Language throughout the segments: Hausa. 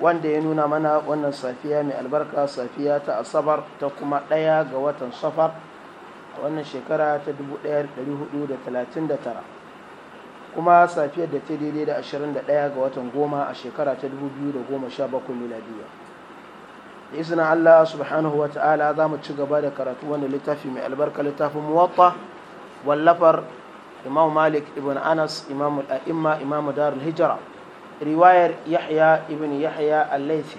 wanda ya nuna mana wannan safiya mai albarka safiya ta asabar ta kuma ɗaya ga watan safar a wannan shekara ta 1439 kuma safiyar da ta daidai da 21 ga watan goma a shekara ta 2017 miladiya da izinin allah subhanahu wa ta'ala za mu ci gaba da karatu wanda littafi mai albarka littafin muwatta wallafar imam malik ibn anas imam al'a'imma imam darul hijira riwayar yahya ibn yahya al laisi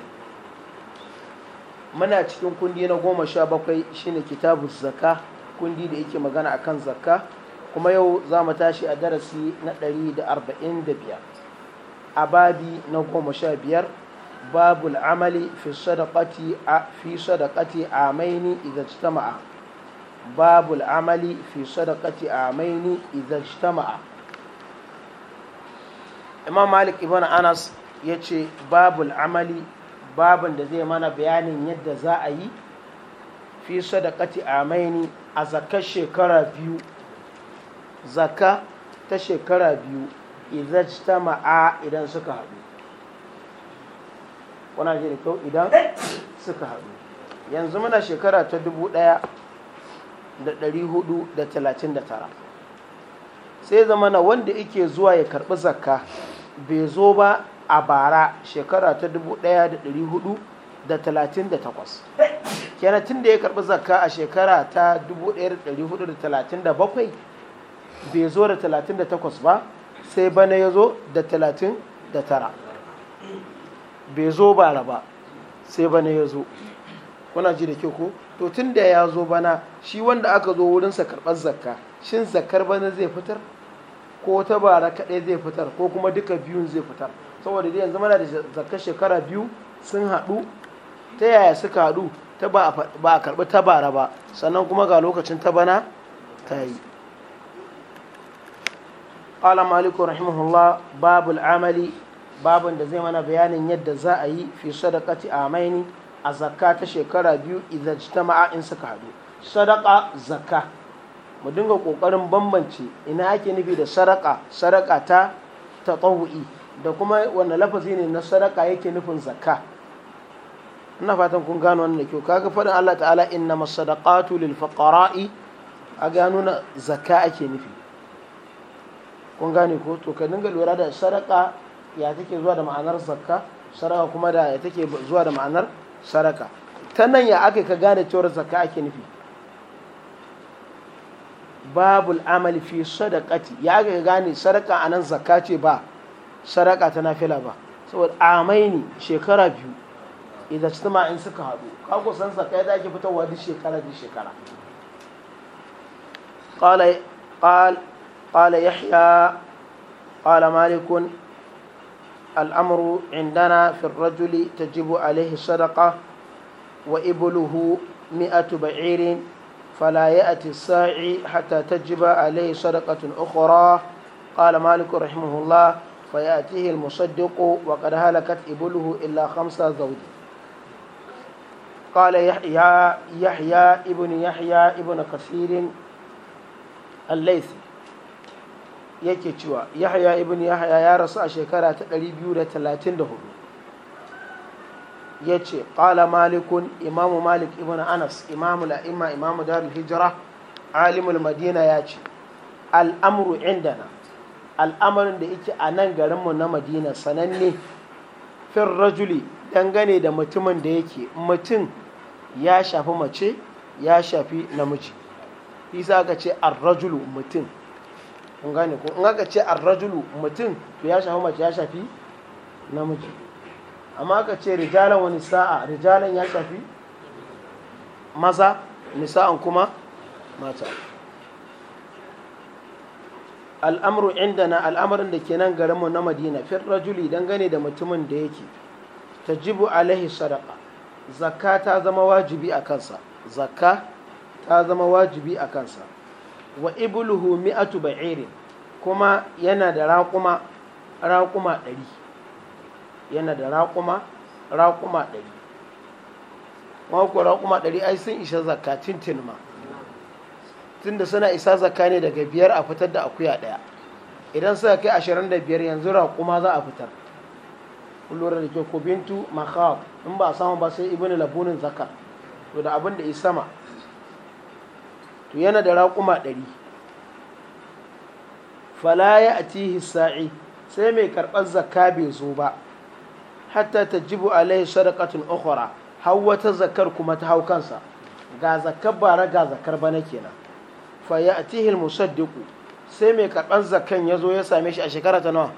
muna cikin kundi na goma sha bakwai shine kitabu zakka kundi da yake magana akan zakka kuma yau za mu tashi a darasi na 145 a babi na goma sha biyar babul amali fi sadaqati a fi sadaqati amaini idan ijtama'a babul amali fi sadaqati maini imam malik ibn anas ya ce babul amali babin da zai mana bayanin yadda za a yi fi da amaini a zakar shekara biyu zaka ta shekara biyu idan ta ma'a idan suka haɗu wana ji da kyau idan suka haɗu yanzu muna shekara ta dubu ɗaya da ɗari hudu da talatin da tara sai zama na wanda yake zuwa ya karɓi zakka bai zo ba a bara shekara ta 1438 kenan tun da ya karɓi zakka a shekara ta 1437 bai zo da 38 ba sai bana ya zo da 39 bai zo bara ba sai bana ya zo kuna ji da ke ko to tun da ya zo bana shi wanda aka zo wurinsa karɓar zakka shin zakkar bana zai fitar ko ta bara kaɗai zai fitar ko kuma duka biyun zai fitar saboda yanzu mana da zaka shekara biyu sun haɗu ta yaya suka haɗu ta ba a karɓi ta bara ba sannan kuma ga lokacin ta bana ta yi ƙala maliku rahimahullah babul amali babin da zai mana bayanin yadda za a yi fi sadakati a maini a zakka ta shekara biyu idan ta ma'a in suka haɗu sadaka zakka mu dinga kokarin bambance ina ake nufi da saraka saraka ta tawu'i da kuma wanne lafazi ne na saraka yake nufin zakka ina fatan kun gano wannan kyau kaga faɗin Allah ta'ala inna masadaqatu lil faqara'i a gano na zakka ake nufi kun gane ko to ka dinga lura da saraka ya take zuwa da ma'anar zakka saraka kuma da ya take zuwa da ma'anar saraka ta nan ya aka ka gane cewar zakka ake nufi babul al'amali fi sadaqati ya ga gane sadaka anan zakka ce ba sadaka ta nafila ba saboda amaini shekara biyu idan tuma in suka haɗu ka ku san zakka ya ake fitarwa duk shekara duk shekara qala qal qala yahya qala malik ta jibu في tajibu تجب عليه wa وإبله tuba بعير فلا يأتي الساعي حتى تجب عليه صدقة أخرى قال مالك رحمه الله فيأتيه المصدق وقد هلكت إبله إلا خمسة زوج قال يحيى يحيى ابن يحيى ابن كثير الليثي yake cewa yahya ibn yahya ya rasu a shekara ta 234 ya ce ƙala malikun imamu malik ibn anas imamu la'imma imamu darul hijira alimul madina ya ce al'amuru indana al'amarin da yake a nan garinmu na madina sananne fin rajuli dangane da mutumin da yake mutum ya shafi mace ya shafi namiji isa aka ce ar-rajulu mutum kun gane ko in aka ce ar-rajulu mutum to ya shafi mace ya shafi namiji amma aka ce rijalan wani sa'a rijalan ya shafi maza nisa'an kuma mata al'amru indana al'amarin da ke nan garinmu na madina fir rajuli dangane da mutumin da yake ta jibu alaihi sadaka zakka ta zama wajibi a kansa zakka ta zama wajibi a kansa wa ibuluhu mi'atu ba'irin kuma yana da raƙuma ɗari yana da raƙuma raƙuma ɗari mako raƙuma ɗari ai sun isa zakka tintin ma tunda suna isa zakka ne daga biyar a fitar da akuya ɗaya idan suka kai ashirin da biyar yanzu raƙuma za a fitar lura da ke kubintu makhab in ba a samu ba sai ibini labunin zakar to da abin da sama to yana da raƙuma ɗari fala ya a sa'i sai mai karɓar zakka bai zo ba hatta tajibu alaihi sadaqatun ukhra har wata zakar kuma ta hau kansa ga zakar bara ga zakar bana kenan fa ya'tihi musaddiqu sai mai karban zakan ya zo ya same shi a shekara ta nawa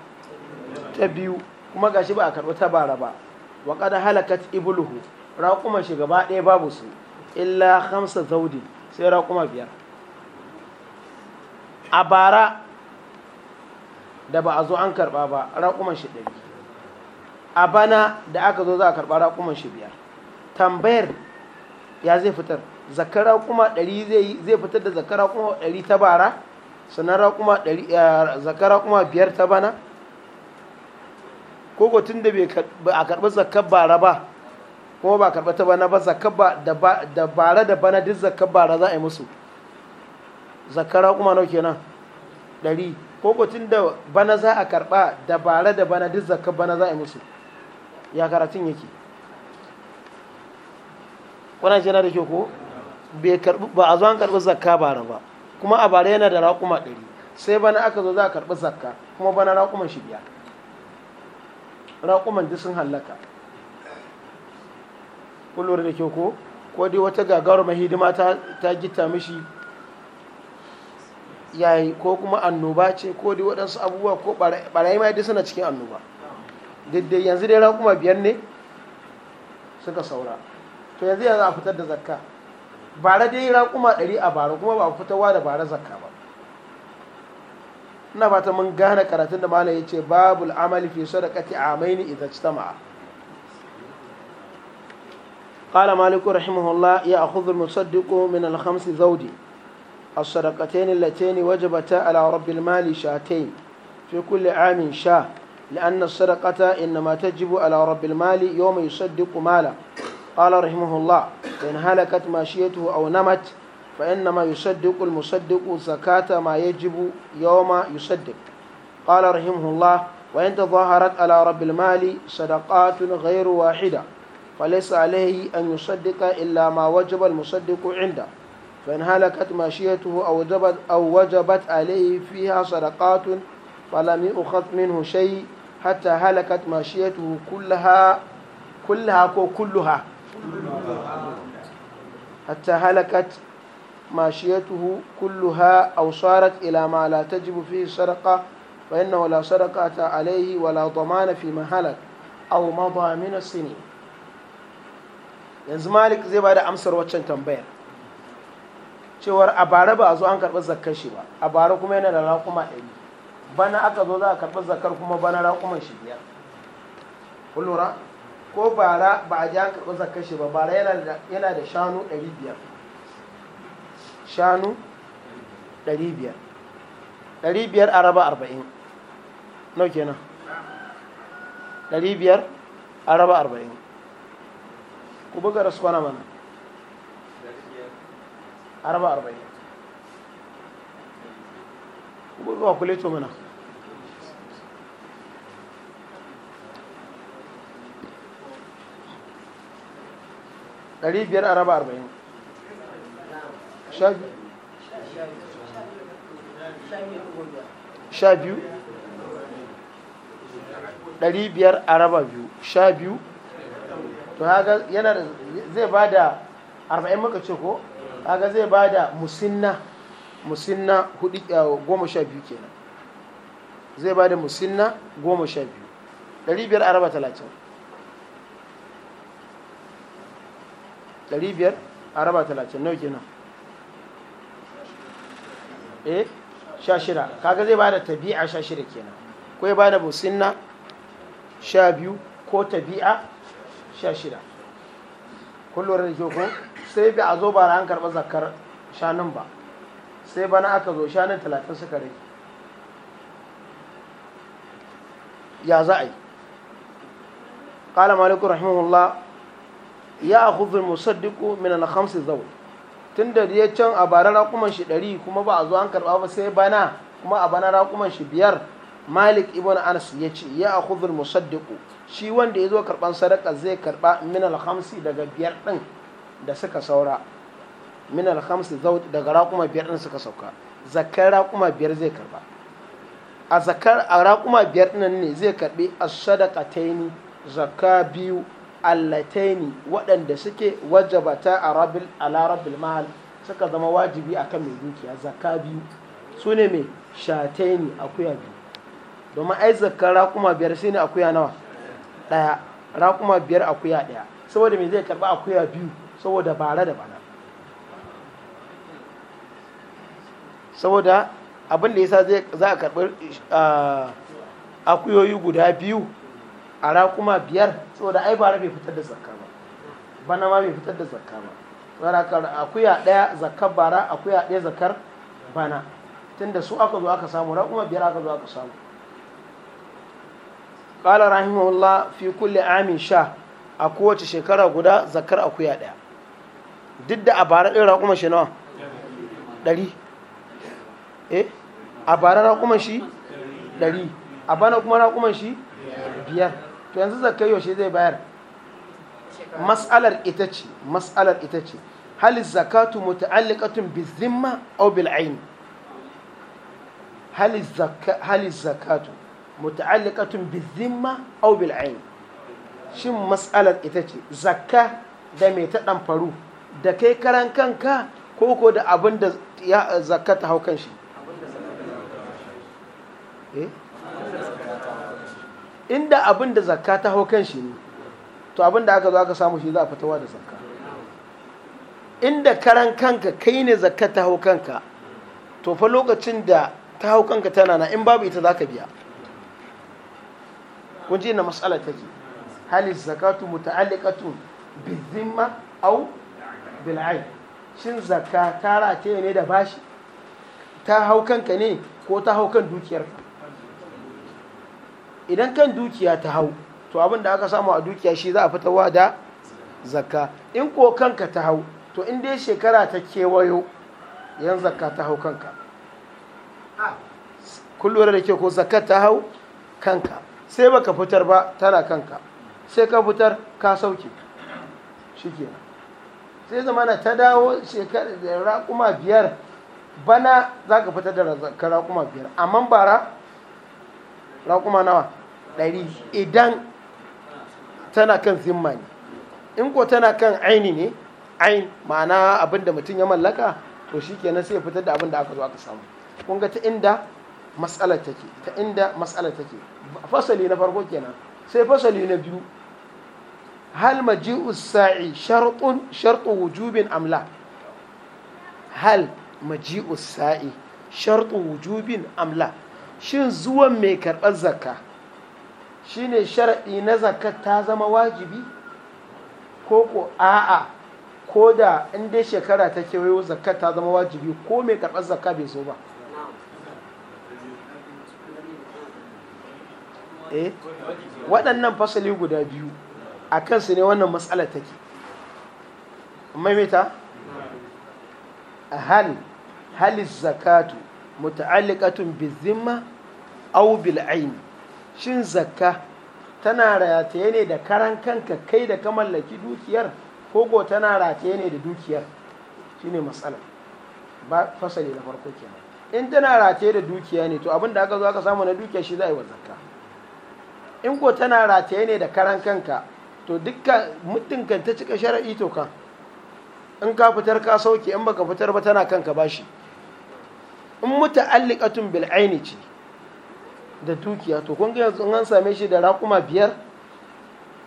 ta biyu kuma gashi ba a karɓi ta bara ba wa qad halakat ibluhu kuma shi gaba ɗaya babu su illa khamsa zawdi sai kuma biyar a bara da ba a zo an karɓa ba raƙuman shi ɗari a bana da aka zo za a karɓa raƙuman shi biyar tambayar ya zai fitar zakar raƙuma ɗari zai fitar da zakar raƙuma ɗari ta bara sannan raƙuma ɗari eh, zakar raƙuma biyar ta bana ko ko tun da a karɓi zakar bara ba kuma ba karɓi ta bana ba zakar da bara da bana duk zakar bara za a yi musu zakar raƙuma nau kenan ɗari ko ko tun da bana za a karɓa da bara da bana duk zakar bana za a yi musu ya karatun yake wannan jina da ke ko ba a zo an karɓi zakka ba ba kuma a bare yana da raƙuma ɗari sai bana aka zo za a karɓi zakka kuma bana raƙuman shi biya raƙuman duk sun hallaka kullum da ke ko ko dai wata gagarumar hidima ta gita mishi yayi ko kuma annoba ce ko dai waɗansu abubuwa ko ɓarayi ma duk suna cikin annoba daidai yanzu dai kuma biyar ne suka saura to yanzu yanzu a fitar da zakka bara dai kuma ɗari a bara kuma ba a fitarwa da bara zakka ba ina fata mun gane karatun da malam ya ce babu al'amali fi sadaqati amaini idza ijtama'a qala malik rahimahullah ya al-musaddiqu min al-khams a الصدقتين اللتين وجبتا على رب المال شاتين في كل عام شاه لأن الصدقة إنما تجب على رب المال يوم يصدق ماله قال رحمه الله إن هلكت ماشيته أو نمت فإنما يصدق المصدق زكاة ما يجب يوم يصدق قال رحمه الله وإن تظاهرت على رب المال صدقات غير واحدة فليس عليه أن يصدق إلا ما وجب المصدق عنده فإن هلكت ماشيته أو وجبت, أو وجبت عليه فيها صدقات فلم يؤخذ منه شيء hatta halakat mashiyatu kullaha kullaha ko kulluha hatta halakat mashiyatuhu kulluha aw sarat ila ma la tajibu fihi sadaqa fa innahu la sadaqata alayhi wa la damana fi ma halak aw madha min as-sinin yanzu malik zai bada amsar waccan tambayar cewar a bara ba a zo an karɓi zakkar shi ba a bara kuma yana da raƙuma ɗari bana aka zo za a karɓi zakar kuma bana raƙuman shi biyar kun lura ko bara ba a ji an karɓar zakar shi ba bara yana da shanu ɗari biyar shanu ɗari biyar ɗari biyar araba raba arba'in nau kenan ɗari biyar araba arba'in ku buga da kwana mana a raba arba'in ku buga wa kuleto mana ɗari to haka yana zai ba da arba'in maka ce ko haka zai ba da musinna musinna hudu eh, goma sha biyu kenan zai ba da musinna goma sha biyu 500 a raba 30 nau kenan eh 16 kaga zai bada tabi'a sha 16 kenan ko ya bada businna biyu ko tabi'a 16 kun lura da ko sai bi a zo ba an karɓa zakar shanun ba sai bana aka zo shanun talatin suka rage ya za a yi قال مالك رحمه ya Musa musaddiqu min al-khams zau tunda da ya can a bara raƙuman shi ɗari kuma ba a zo an karɓa ba sai bana kuma a bana raƙuman shi biyar malik ibn anas ya ce ya Musa musaddiqu shi wanda ya zo karɓan sadaka zai karɓa min al-khamsi daga biyar ɗin da suka saura min al-khamsi daga raƙuma biyar ɗin suka sauka zakar raƙuma biyar zai karɓa a zakar a raƙuma biyar ɗin ne zai karɓi as-sadaqataini zakka biyu allataini waɗanda suke wajabata a rabil alarabil mahal suka zama wajibi akan mai dukiya zakka biyu su ne mai shataini akuya biyu domin ai zakka raƙuma biyar sai ne akuya nawa ɗaya raƙuma biyar akuya ɗaya saboda mai zai karɓi akuya biyu saboda bara da bana saboda abin da yasa za a karɓi ah, akuyoyi guda biyu a raƙuma biyar saboda ai bara bai fitar da zakka ba bana ma bai fitar da zakka ba saboda akuya ɗaya zakkar bara akuya ɗaya zakkar bana tunda su aka zo aka samu raƙuma biyar aka zo aka samu qala rahimahullah fi kulli amin sha a kowace shekara guda zakar akuya ɗaya duk da a bara ɗin raƙuma shi nawa ɗari eh a bara raƙuman shi ɗari a bana kuma raƙuma shi biyar to yanzu zakka yaushe zai bayar mas'alar ita ce mas'alar ita ce hal zakatu muta'alliqatun bi zimma aw bil ayn hal zakka hal zakatu muta'alliqatun bi zimma aw bil ayn shin mas'alar ita ce zakka da me ta dan faru da kai karan kanka ko ko da abin da zakka ta hau kan shi inda abin da zakka ta hau kan shi ne to abin da aka zo aka samu shi za a fitowa da zakka inda karan kanka kai ne zakka ta hau kanka to fa lokacin da ta hau kanka tana na in babu ita za ka biya kun ji na matsala take hali zakatu muta'alliqatu bizimma au bil'ai shin zakka ta rataye ne da bashi ta hau kanka ne ko ta hau kan dukiyarka idan kan dukiya ta hau to abin da aka samu a dukiya shi za a fitarwa da zakka in ko kanka ta hau to in dai shekara ta kewayo yan zakka ta hau kanka kullum da ke ko zakka ta hau kanka sai baka fitar ba tana kanka sai ka fitar ka sauke shikenan sai zamana ta dawo shekara da raƙuma biyar bana za ka fitar da raƙuma biyar amma bara raƙuma nawa ɗari idan tana kan zimma ne in ko tana kan aini ne ain ma'ana abin da mutum ya mallaka to shi kenan sai ya fitar da abin da aka zo aka samu Kunga ga ta inda matsalar take ta inda matsalar take fasali na farko kenan sai fasali na biyu hal maji'u sa'i shartun wujubin amla hal maji'u sa'i shartu wujubin amla shin zuwan mai karɓar zakka shine sharaɗi na zakka ta zama wajibi ko ko a'a ko da in dai shekara ta kewayo zakka ta zama wajibi ko mai karɓar zakka bai zo ba eh waɗannan fasali guda biyu a kansu ne wannan matsalar take maimaita hal halis zakatu muta'alliqatun bizimma aw bil aini shin zakka tana rataye ne da karan kanka kai da ka mallaki dukiyar kogo tana rataye ne da dukiyar shine matsala ba fasali na farko kenan in tana rataye da dukiya ne to abin da aka zo aka samu na dukiya shi za a yi wa zakka in ko tana rataye ne da karan kanka to dukkan muddin ta cika shari'i to kan in ka fitar ka sauke in baka fitar ba tana kanka bashi in muta'alliqatun bil aini ce da dukiya to kun ga yanzu an same shi da raƙuma biyar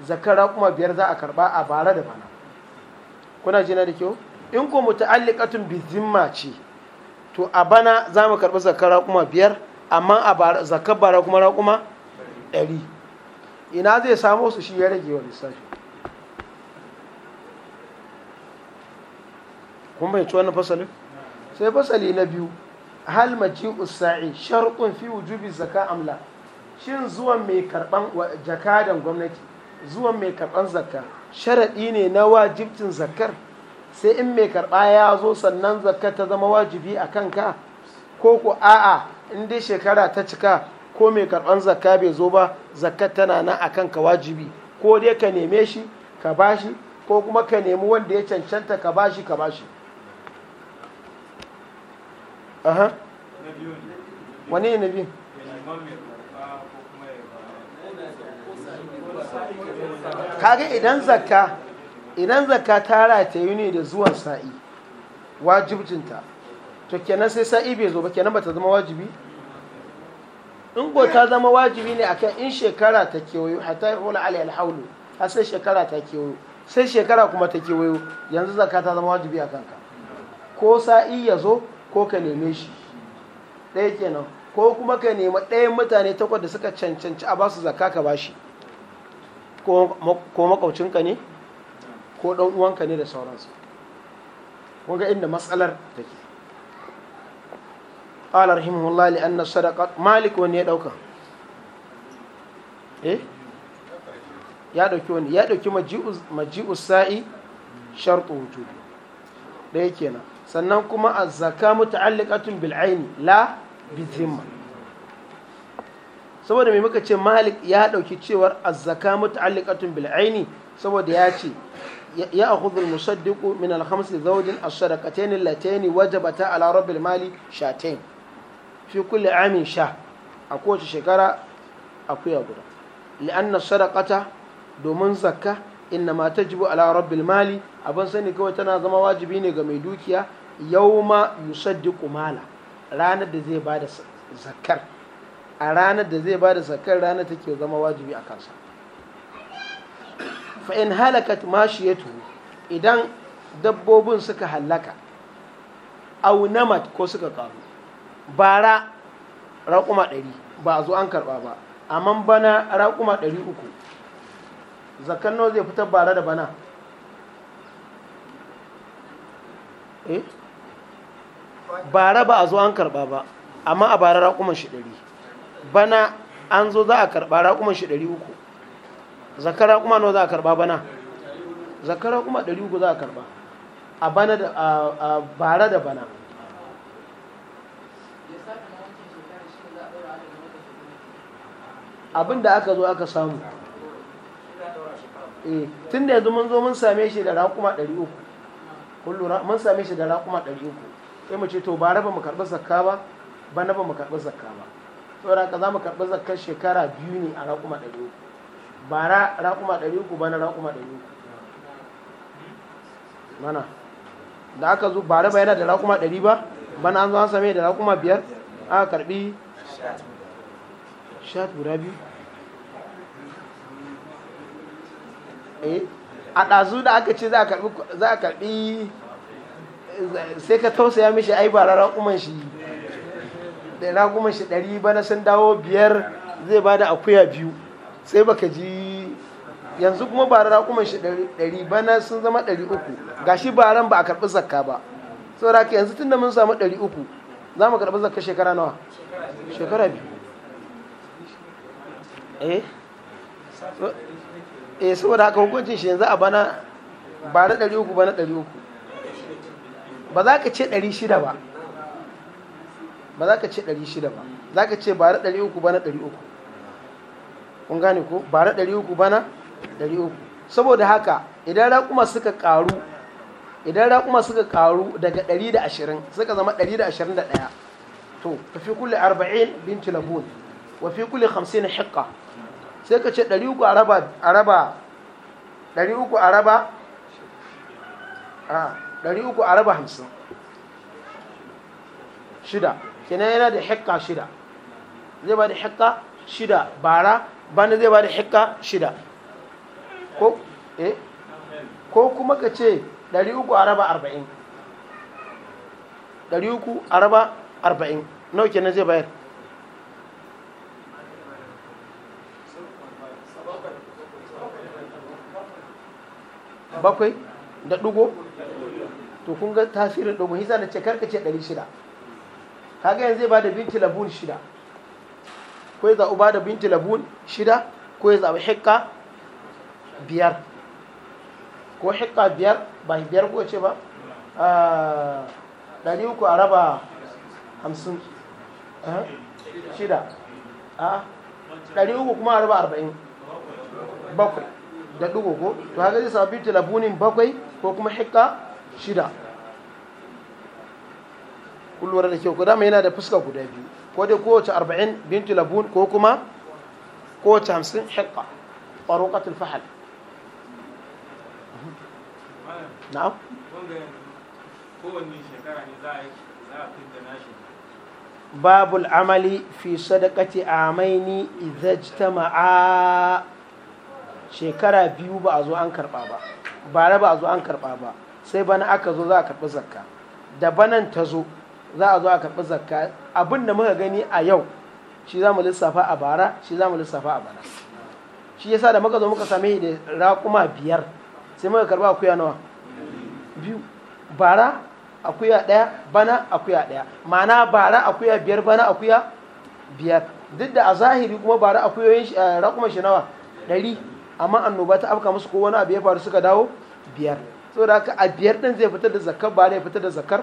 zakar raƙuma biyar za a karba a bara da bana kuna jina da kyau in ko muta'alliqatun bi zimma ce to a bana za mu karɓi zakar raƙuma biyar amma a zakar bara kuma raƙuma ɗari ina zai samo su shi ya rage wa lissafi kun bai ci wannan fasalin sai fasali na biyu hal maji usa'i sharqun fi wujubi zaka amla shin zuwan mai karban jakadan gwamnati zuwan mai karban zakka sharadi ne na wajibcin zakkar sai in mai karba ya zo sannan zakka ta zama wajibi a kanka ko ku a'a in dai shekara ta cika ko mai karban zakka bai zo ba zakka tana nan a kanka wajibi ko dai ka neme shi ka bashi ko kuma ka nemi wanda ya cancanta ka bashi ka bashi aha wani ne na biyu kaga idan zakka idan zakka ta yi ne da zuwan sa'i wajibcinta to kenan sai sa'i bai zo ba kenan ba ta zama wajibi in ko ta zama wajibi ne akan in shekara ta kewayo yi hula alai alhaulu har sai shekara ta kewayo sai shekara kuma ta kewayo yanzu zakka ta zama wajibi a kanka ko sa'i ya zo ko ka neme shi ɗaya kenan ko kuma ka nema ɗayan mutane takwas da suka cancanci a basu zakka ka bashi ko makaucinka ne ko ɗan uwanka ne da sauransu kun ga inda matsalar take قال رحمه الله لأن الصدقة مالك وني يدوكا إيه Ya دوكي وني يا دوكي مجيء مجيء السائي شرط وجوده ده كينا sannan kuma azzaka muta'alliqatun bil aini la bizima saboda mai muka ce malik ya dauki cewar azzaka muta'alliqatun bil aini saboda ya ce ya akhudhu al musaddiqu min al khams zawjin as sadaqatayn allatayn wajabata ala rabbil mali shatayn fi kulli amin sha a kowace shekara akuya guda li'anna sadaqata domin zakka inna ma tajibu ala rabbil mali abin sani kawai tana zama wajibi ne ga mai dukiya yau ma yusaddiqu mala ranar da zai bada zakar a ranar da zai bada zakar ranar take zama wajibi a kansa fa in halakat mashiyatu idan dabbobin suka halaka aw namat ko suka karu bara raƙuma ɗari ba a zo an karɓa ba amma bana raƙuma ɗari uku zakar nawa zai fitar bara da bana bara eh? ba a zo an karba ba amma a bara raƙuman shi ɗari bana an zo za a karba raƙuman shi ɗari uku zakar raƙuma nawa za a karba bana zakar raƙuma ɗari uku za a karba a bana da a bara da bana abin da aka zo aka samu eh, tun da yanzu mun zo mun same shi da raƙuma ɗari uku kun lura mun same shi da raƙuma ɗari uku sai mu ce to ba raba mu karɓi zakka ba ba na ba mu karɓi zakka ba saboda ka za mu karɓi zakkar shekara biyu ne a raƙuma ɗari uku ba raƙuma ɗari uku ba na raƙuma ɗari uku mana da aka zo ba raba yana da raƙuma ɗari ba ba na an zo an same da raƙuma biyar aka karɓi shat guda biyu eh a ɗazu da aka ce za a karɓi sai ka tausaya mishi ai ba raƙuman shi da raƙuman shi ɗari bana sun dawo biyar zai ba da akuya biyu sai baka ji yanzu kuma ba raƙuman shi ɗari bana sun zama ɗari uku gashi ran ba a karɓi zakka ba saboda ka yanzu tun da mun samu ɗari uku za mu karɓi zakka shekara nawa shekara biyu eh eh saboda haka hukuncin shi yanzu a bana ba na ɗari uku ba na ɗari uku ba za ka ce ɗari shida ba ba za ka ce ɗari shida ba za ka ce ba na ɗari uku ba na ɗari uku kun gane ko ba na ɗari uku ba na ɗari uku saboda haka idan raƙuma suka ƙaru idan raƙuma suka ƙaru daga ɗari da ashirin suka zama ɗari da ashirin da ɗaya to fi kulle arba'in binti labun wa fi kulle hamsin hiƙa sai ka ce 300 a raba a raba 300 a raba a 300 a raba shida kenan yana da hekka shida zai ba da hekka shida bara bana zai ba da hekka shida ko eh, kuma ka ce 300 a raba 40 300 a raba 40 nau kenan zai bayar bakwai da ɗigo to kun ga tasirin ɗigo hisa da ce karka ce ɗari shida kaga yanzu zai ba da binti labun shida ko ya zaɓi ba da binti labun shida ko ya zaɓi hikka biyar ko hikka biyar ba biyar ko ce ba ah, ɗari uku a raba hamsin shida a ah, ɗari uku kuma a raba arba'in bakwai da ɗigo ko to haka zai sami tilabunin bakwai ko kuma hikka shida kullum da kyau dama yana da fuska guda biyu ko dai kowace arba'in bin labun ko kuma kowace hamsin hikka ƙwarokatul fahal na'am kowanne shekara ne za a yi za a fidda babul amali fi sadaqati amaini idza jtama'a shekara biyu ba a zo an karɓa ba bara ba a zo an karɓa ba sai bana aka zo za a karɓi zakka da banan ta zo za a zo a karɓi zakka abin da muka gani a yau shi za mu lissafa a bara shi za mu lissafa a bana shi yasa da muka zo muka same da raƙuma biyar sai muka karɓa akuya nawa biyu bara akuya ɗaya bana akuya ɗaya ma'ana bara akuya biyar bana akuya biyar duk da a zahiri kuma bara akuyoyin eh, raƙuma shi nawa ɗari amma annoba ta afka musu ko wani abu ya faru suka dawo biyar saboda haka a biyar din zai fitar da zakar ba ne fitar da zakar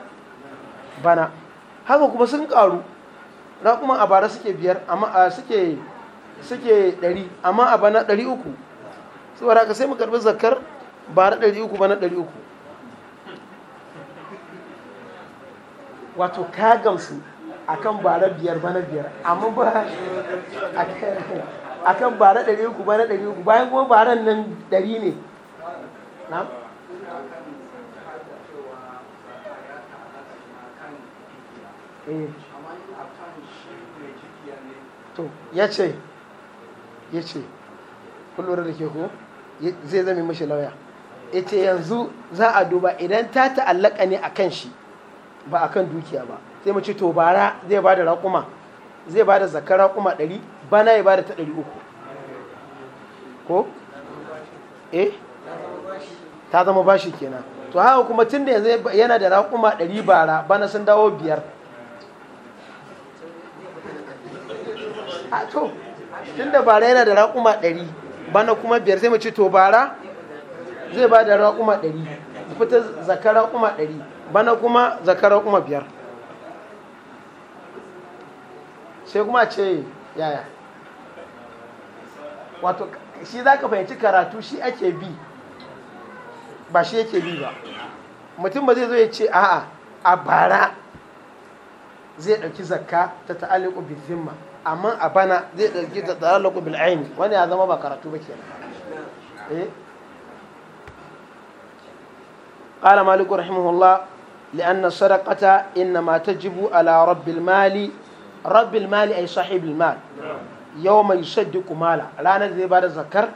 bana haka kuma sun karu na kuma a bara suke biyar amma suke suke ɗari amma a bana ɗari uku saboda haka sai mu karɓi zakar bara ɗari uku bana ɗari uku wato ka gamsu akan bara biyar bana biyar amma ba a akan bara ɗari uku bara ɗari uku bayan kuma baran nan ɗari ne eh. to ya ce ya ce kullum da ke ko zai zame mashi lauya ita yanzu za a duba idan ta ta'allaka ne a kan shi ba a kan dukiya ba sai mu ce to bara zai ba da raƙuma zai ba da zakara raƙuma ɗari bana ya ta ɗari uku ko eh ta zama bashi kenan to haka kuma tun da yanzu yana da raƙuma ɗari bara bana sun dawo biyar a to tun da bara yana da raƙuma ɗari bana kuma biyar sai mu ce to bara zai ba da raƙuma ɗari fita zakar raƙuma ɗari bana kuma zakar raƙuma biyar sai kuma ce yaya wato shi za ka fahimci karatu shi ake bi ba shi yake bi ba mutum ba zai zo ya ce a'a a bara zai ɗauki zakka ta ta'alliqu bil zimma amma a bana zai ɗauki ta ta'alliqu bil aini wani ya zama ba karatu ba kenan eh qala malik rahimahullah لأن الصدقة إنما تجب على رب المال رب المال أي صاحب المال yau mai shaddi kumala ranar zai zai bada zakar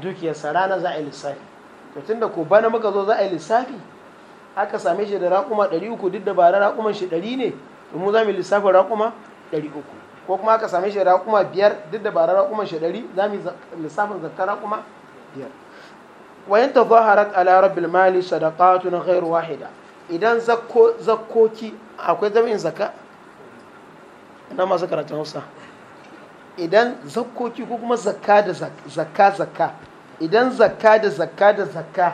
dukiyarsa ranar za a yi lissafi to tunda ko bana muka zo za a yi lissafi aka same shi da raƙuma 300 duk da bara raƙuman shi 100 ne mu za mu lissafi raƙuma 300 ko kuma aka same shi da raƙuma 5 duk da ba raƙuman shi 100 za mu lissafin zakar raƙuma 5 wayan tazaharat ala rabbil mali sadaqatun ghairu wahida idan zakkoki akwai zamin zakka na masu karatun Hausa idan zakkoki ko kuma zakka da zakka zakka idan zakka da zakka da zakka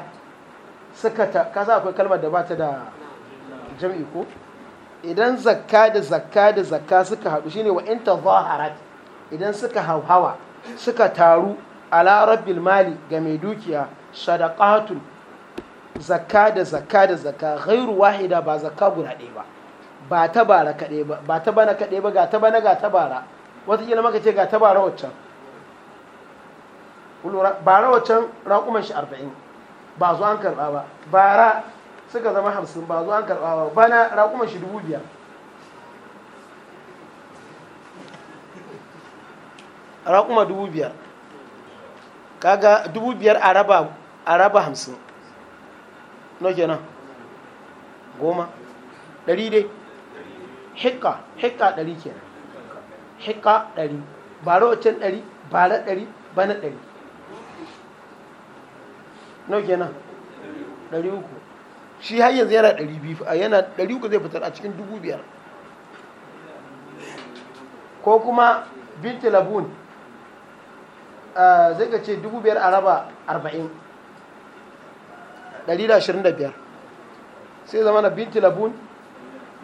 suka ta kasa akwai kalmar da ba ta da jam'i ko idan zakka da zakka da zakka suka haɗu shine wa in tazaharat idan suka hauhawa suka taru ala rabbil mali ga mai dukiya sadaqatul zakka da zakka da zakka ghairu wahida ba zakka guda ɗaya ba ba ta bara kaɗai ba ba ta bana kaɗai ba ga ta bana ga ta bara watakila maka ce ga ta bara waccan bara waccan raƙuman shi arba'in ba zuwa an karɓa ba bara suka zama hamsin ba zuwa an karɓa ba bana raƙuman shi dubu biyar raƙuma dubu biyar kaga dubu biyar a raba hamsin no kenan goma ɗari dai hikka hikka ɗari kenan hika ɗari bara waccan ɗari bara ɗari bana ɗari nau kenan ɗari uku shi har yanzu yana ɗari biyu yana ɗari uku zai fitar a cikin dubu biyar ko kuma binti labun zai ga ce dubu biyar a raba arba'in ɗari da ashirin da biyar sai zama na binti labun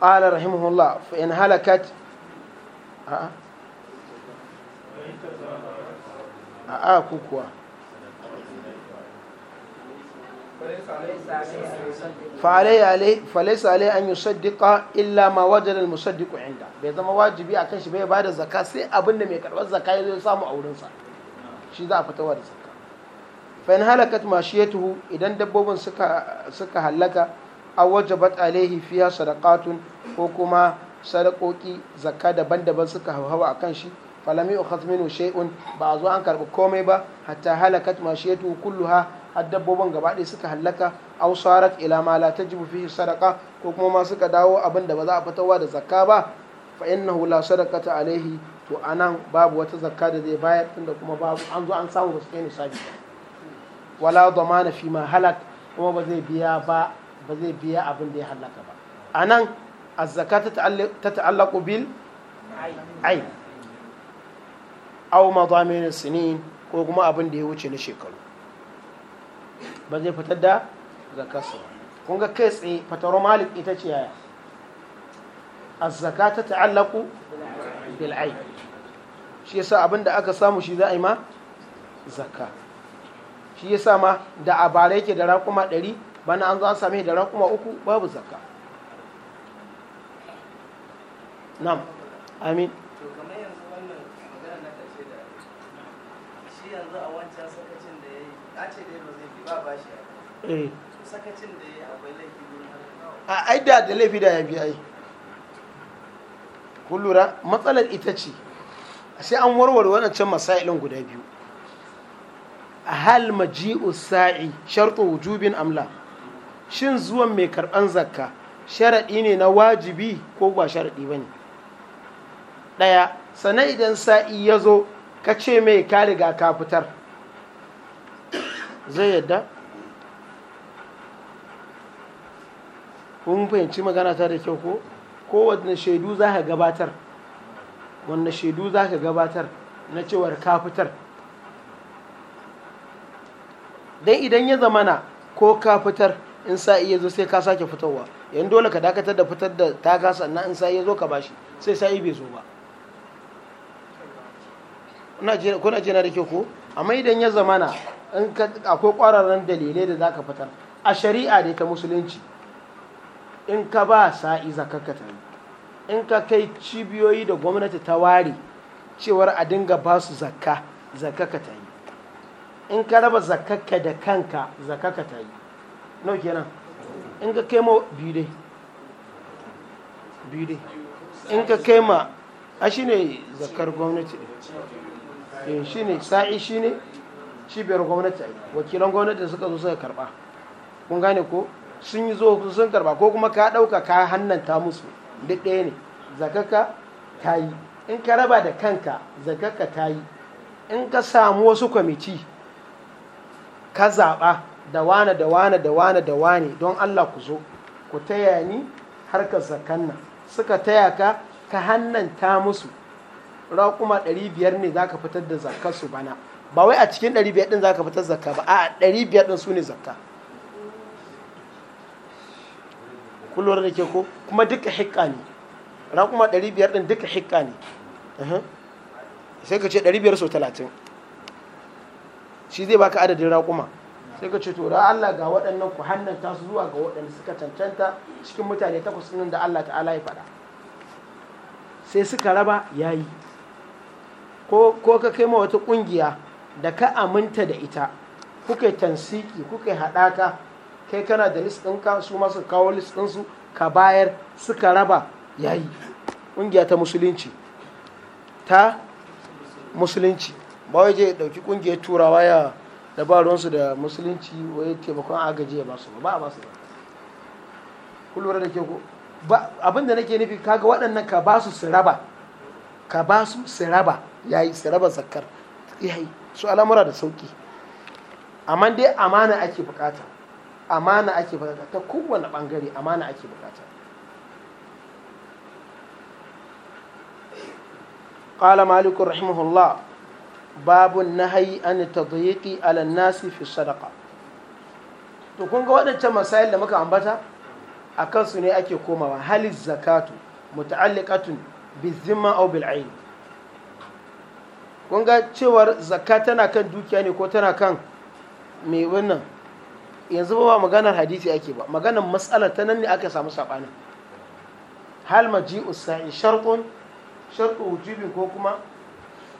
قال رحمه الله فإن هلكت آه آه كوكوا فعليه عليه فليس عليه أن يصدق إلا ما وجد المصدق عنده بيت ما واجبي أكن شي بيه بعد زكاة سي أبن مي كربا زكاة يزو سامو أولن سا شي ذا فتوى زكاة فإن هلكت ماشيته إذا دبوبن سكا سكا هلكا aw wajabat alaihi fiya sadakatun ko kuma sadakoki zakka daban-daban suka hauhawa kan shi falam yu'khadh minhu shay'un ba zo an karɓi komai ba hatta halakat mashiyatu kulluha dabbobin gaba ɗaya suka hallaka aw sarat ila ma la tajibu fihi sadaqa ko kuma ma suka dawo abin da ba za a fitowa da zakka ba fa innahu la sadaqata alaihi to anan babu wata zakka da zai bayar tunda kuma babu an zo an samu ba su kai sabi wala dhamana fi ma halak kuma ba zai biya ba ba zai biya abin da ya halaka ba a nan zaka ta ta'allaku bil ai au madamin sinin ko kuma abin da ya wuce na shekaru ba zai fitar da zakarsa kun ga kai tsaye fataro malik ita ce yaya zaka ta ta'allaku bil ai shi yasa abin da aka samu shi za a yi ma zaka shi yasa ma da abara yake da rakuma ɗari bana an zo an sami da kuma uku babu zakka nam amin to kamar yanzu wannan magana na karshe da shi yanzu a wancan sakacin da ya yi a ce da ba zai bi ba bashi eh sakacin da ya yi akwai laifi gurin a aida da laifi da ya fi ai kun matsalar ita ce A sai an warware wannan wadancan masailin guda biyu A hal maji'u sa'i shartu wujubin amla shin zuwan mai karɓan zakka sharaɗi ne na wajibi ko ba sharaɗi ba ne ɗaya sannan idan sa'i ya zo ka ce mai ka riga ka fitar zai yadda kun fahimci magana ta da kyau ko kowane shaidu za ka gabatar wanne shaidu za ka gabatar na cewar ka fitar don idan ya zamana ko ka fitar in sa iya zo sai ka sake fitowa yan dole ka dakatar da fitar da ta taka sannan in sa iya zo ka bashi sai sa'i bai zo ba kuna jina da kyau ko amma idan ya zamana in ka, akwai kwararran dalilai da zaka ka fitar a shari'a ne ta musulunci in ka ba sa'i zakakka ta in ka kai cibiyoyi da gwamnati ta ware cewar a dinga ba su zakka zakakka ta yi in ka raba zakakka da kanka zakakka ta yi nau kenan in ka kai ma biyu dai biyu dai in ka kai ma a shi ne zakar gwamnati ɗin eh, shi ne sa'i shi ne cibiyar gwamnati wakilan da suka zo suka karba kun gane ko sun yi zo sun karba ko kuma ka ɗauka ka hannanta musu duk ɗaya ne zakaka ta yi in ka raba da kanka zakaka ta yi in ka samu wasu kwamiti ka zaɓa da wane da wane da wane da wane don Allah ku zo ku taya ni har ka zakanna suka taya ka ka ta musu raƙuma 500 ne za ka fitar da zakka su bana ba wai a cikin 500 din za ka fitar zakka ba a 500 din su ne zakka kullum da ke ko kuma duka hikka ne raƙuma 500 din duka hikka ne sai ka ce 500 so 30 shi zai baka adadin raƙuma sai ka ce to da Allah ga waɗannan ku hannanta su zuwa ga waɗanda suka cancanta cikin mutane takwas nan da Allah ta'ala ya faɗa sai suka raba yayi ko ka kai ma wata ƙungiya da ka aminta da ita kuka tansiki kuka haɗaka kai kana da list ɗinka su masu kawo list ɗinsu ka bayar suka raba yayi ƙungiya ta musulunci ta musulunci ba waje ɗauki ƙungiyar turawa ya da ba ruwansu da musulunci wai taimakon agaji ya ba su ba a ba su ba da ke ko abinda da nake nufi kaga waɗannan ka ba su su raba ka ba su su raba yayi su raba zakkar yayi su al'amura da sauki amma dai amana ake bukata amana ake bukata ta kowane bangare amana ake bukata قال مالك رحمه الله na nahayi an tadyiqi ala nasi fi sadaqa to kun ga waɗancan masail da muka ambata a kansu ne ake komawa halin zakatu muta'alliqatun zimma aw bil ayn kun ga cewar zakka tana kan dukiya ne ko tana kan me wannan yanzu ba maganar hadisi ake ba maganar matsalar ta nan ne aka samu sabanin hal maji'u sa'i shartun shartu wujubin ko kuma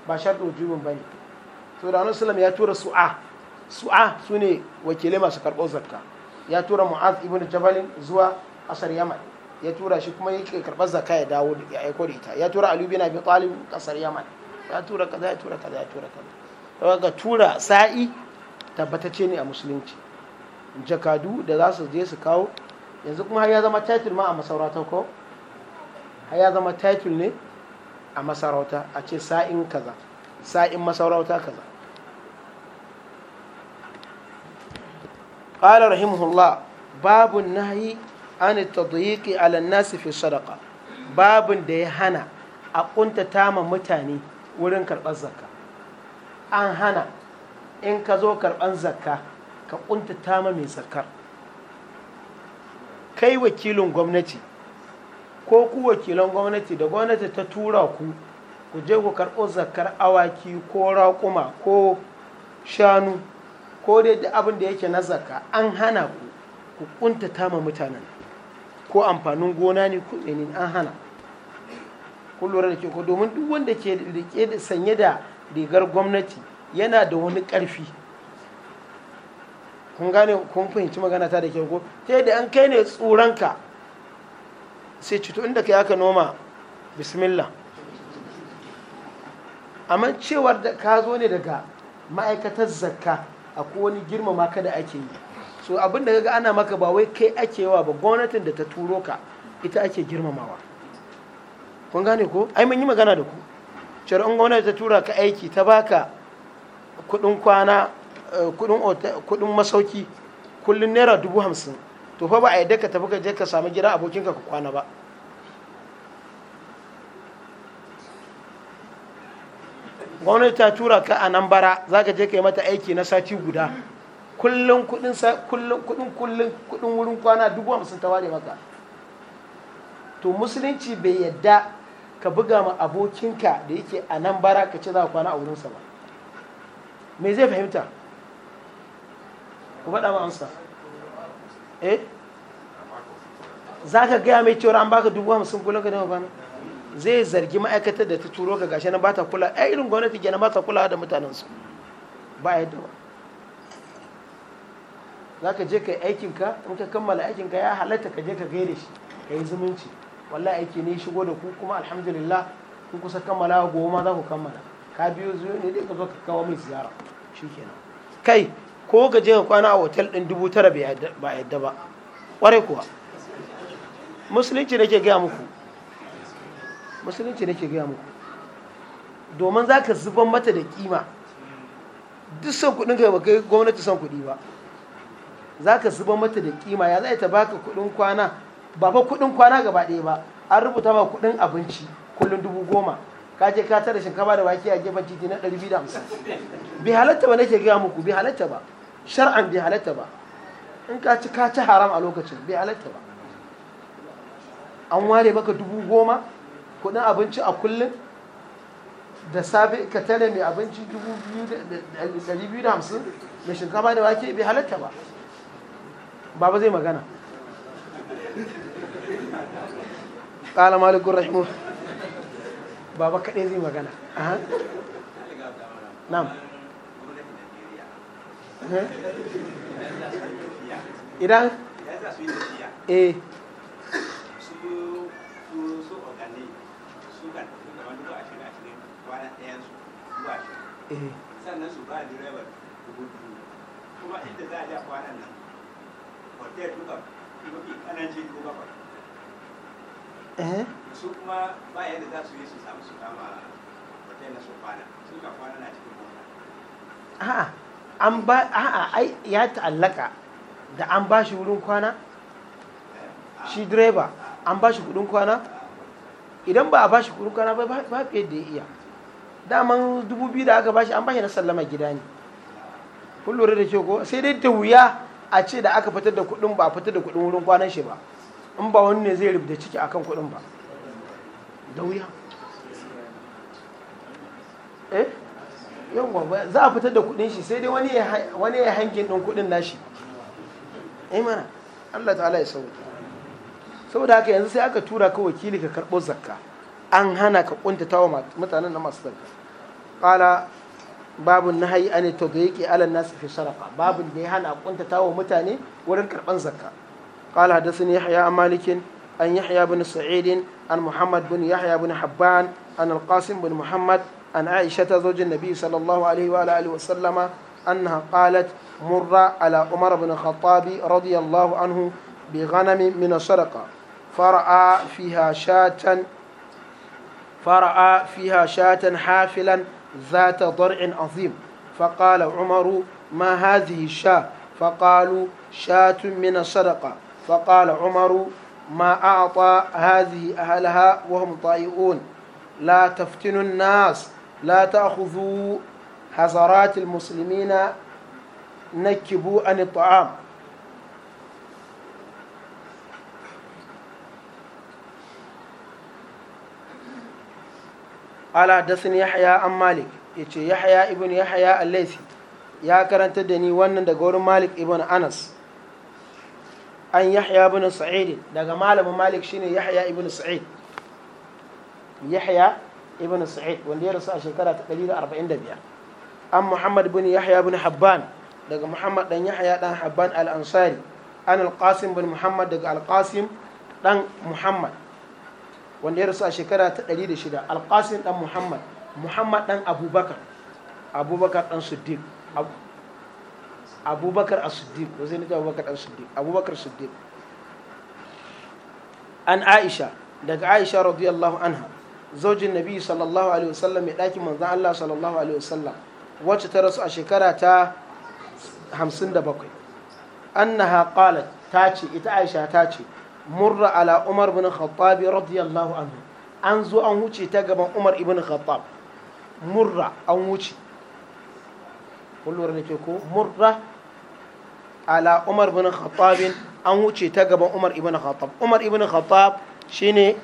ba sharɗin wujubin ba ne so da annabi sallam ya tura su'a su'a su ne wakilai masu karɓar zakka ya tura mu'az ibn jabalin zuwa ƙasar yaman ya tura shi kuma yake karɓar zakka ya dawo ya aiko da ita ya tura aliyu bin abi talib ƙasar yaman ya tura kaza ya tura kaza ya tura kaza ga tura sa'i tabbatacce ne a musulunci jakadu da za su je su kawo yanzu kuma har ya zama title ma a masaurata ko har ya zama title ne a masarauta a ce sa'in kaza sa'in masarauta kaza ƙalar rahimahullah babu nahyi an tadyiqi ala an-nas fi sadaqa babun da ya hana a kuntata ma mutane wurin karɓar zakka an hana in ka zo karɓar zakka ka kuntata ma mai zakkar kai wakilin gwamnati ko ku wakilan gwamnati da gwamnati ta tura ku ku je ku karɓo zakar awaki ko raƙuma ko shanu ko dai abin da yake na zaka an hana ku ku kunta tama mutanen ko amfanin gona ne ku ne an hana ku lura da ke ko domin duk wanda ke rike da sanye da rigar gwamnati yana da wani ƙarfi kun gane kun fahimci magana ta da ke ko ta yadda an kai ne tsoronka sai ci inda kai aka noma bismillah amma cewar da ka zo ne daga ma'aikatar zakka a wani girmama maka da ake yi so abin da ga ana maka ba wai kai ake yawa ba gwamnatin da ta turo ka ita ake girmamawa kun gane ko ai mun yi magana da ku in gwamnati ta tura ka aiki ta baka kudin kwana eh, kudin masauki kullum naira dubu hamsin to fa ba a yadda ka tafi ka je ka samu gidan abokinka ka kwana ba gwamnati ta tura ka a nan bara za ka je ka yi mata aiki na sati guda kullum kudin kullum kudin wurin kwana dubu hamsin ta ware maka to musulunci bai yadda ka buga ma abokinka da yake a nan bara ka ce za ka kwana a wurinsa ba me zai fahimta ku faɗa ma amsa eh za ka gaya mai cewar an baka dubu hamsin kullum ka dama bana zai zargi ma'aikatar da ta turo ka gashi na ba ta kula ai eh, irin gwamnati kenan ba ta kula da mutanensu ba a yadda ba za ka je ka yi aikinka in ka kammala aikinka ya halatta ka je ka gaida shi ka yi zumunci wallahi aiki ne shigo da ku kuma alhamdulillah kun kusa kammala goma za ku kammala ka biyo zuwa ne dai ka zo ka kawo mai ziyara shikenan kai ko ka je ka kwana a hotel ɗin dubu tara ba yadda ba ƙwarai kuwa musulunci nake gaya muku musulunci nake gaya muku domin za ka zuban mata da kima duk son kuɗin ka kai gwamnati son kuɗi ba za ka zuban mata da kima ya za ta baka kuɗin kwana ba fa kuɗin kwana gaba ɗaya ba an rubuta ba kuɗin abinci kullum dubu goma ka je ka tara shinkafa da wake a gefen titi na ɗari biyu da hamsin bi halatta ba nake gaya muku bi halatta ba shar'an bai halatta ba in ka ci ka ci haram a lokacin bai halatta ba an ware maka dubu goma kudin abinci a kullum da safe ka tare mai abinci dubu biyu da hamsin mai shinkafa da wake bai halatta ba baba zai magana ƙala malikun rahimu baba kaɗai zai magana na'am idan eh sannan su ba direban kuma inda za a ja kwanan nan duka mafi kananci bakwai su kuma ba yadda za su yi su samu su kama hotel na su kwana su ka na cikin an ba a'a ai ya ta'allaka da an ba shi wurin kwana shi direba an ba shi kudin kwana idan ba a ba shi kudin kwana ba ba fiye da ya iya daman dubu biyu da aka ba shi an ba shi na sallama gida ne kun lura da ko sai dai da wuya a ce da aka fitar da kudin ba a fitar da kudin wurin kwanan shi ba in ba wani ne zai rubuta ciki akan kudin ba da wuya eh yawa za a fitar da kudin shi sai dai wani ya hankin din kudin nashi imana eh Allah ta'ala ya sauke saboda haka yanzu sai aka tura ka wakili ka karɓo zakka an hana ka kuntata wa mutanen na masu zakka qala babu nahyi an tadyiqi ala nas fi sharafa babu da ya hana kuntata wa mutane wurin karban zakka qala hadathani yahya malikin an yahya bin sa'id an muhammad bin yahya bin habban an al bin muhammad عن عائشة زوج النبي صلى الله عليه وآله وسلم أنها قالت مر على عمر بن الخطاب رضي الله عنه بغنم من السرقة فرأى فيها شاة فرأى فيها شاة حافلا ذات ضرع عظيم فقال عمر ما هذه الشاة فقالوا شاة من الصدقة فقال عمر ما أعطى هذه أهلها وهم طائعون لا تفتنوا الناس لا تأخذوا حضرات المسلمين نكبوا عن الطعام على دسن يحيى أم مالك يتي يحيى ابن يحيى الليثي يا كرنت دني wannan daga wurin Malik ibn Anas an Yahya ibn Sa'id daga malamin Malik shine Yahya ibn Sa'id ibn sa'id wanda ya rasu a shekara ta 145 an muhammad bin yahya bin habban daga muhammad dan yahya dan habban al-ansari an al-qasim bin muhammad daga al-qasim dan muhammad wanda ya rasu a shekara ta 106 al-qasim dan muhammad muhammad dan abubakar abubakar dan siddiq abubakar as-siddiq ko sai nace abubakar as-siddiq abubakar siddiq an aisha daga aisha radiyallahu anha zaujin nabi sallallahu alaihi wasallam mai ɗakin manzan Allah sallallahu alaihi wasallam wacce ta rasu a shekara ta 57 annaha qalat ta ce ita Aisha ta ce murra ala Umar bin Khattab radiyallahu anhu an zo an wuce ta gaban Umar ibn Khattab murra an wuce kullum da ke ko murra ala Umar bin Khattab an wuce ta gaban Umar ibn Khattab Umar ibn Khattab shine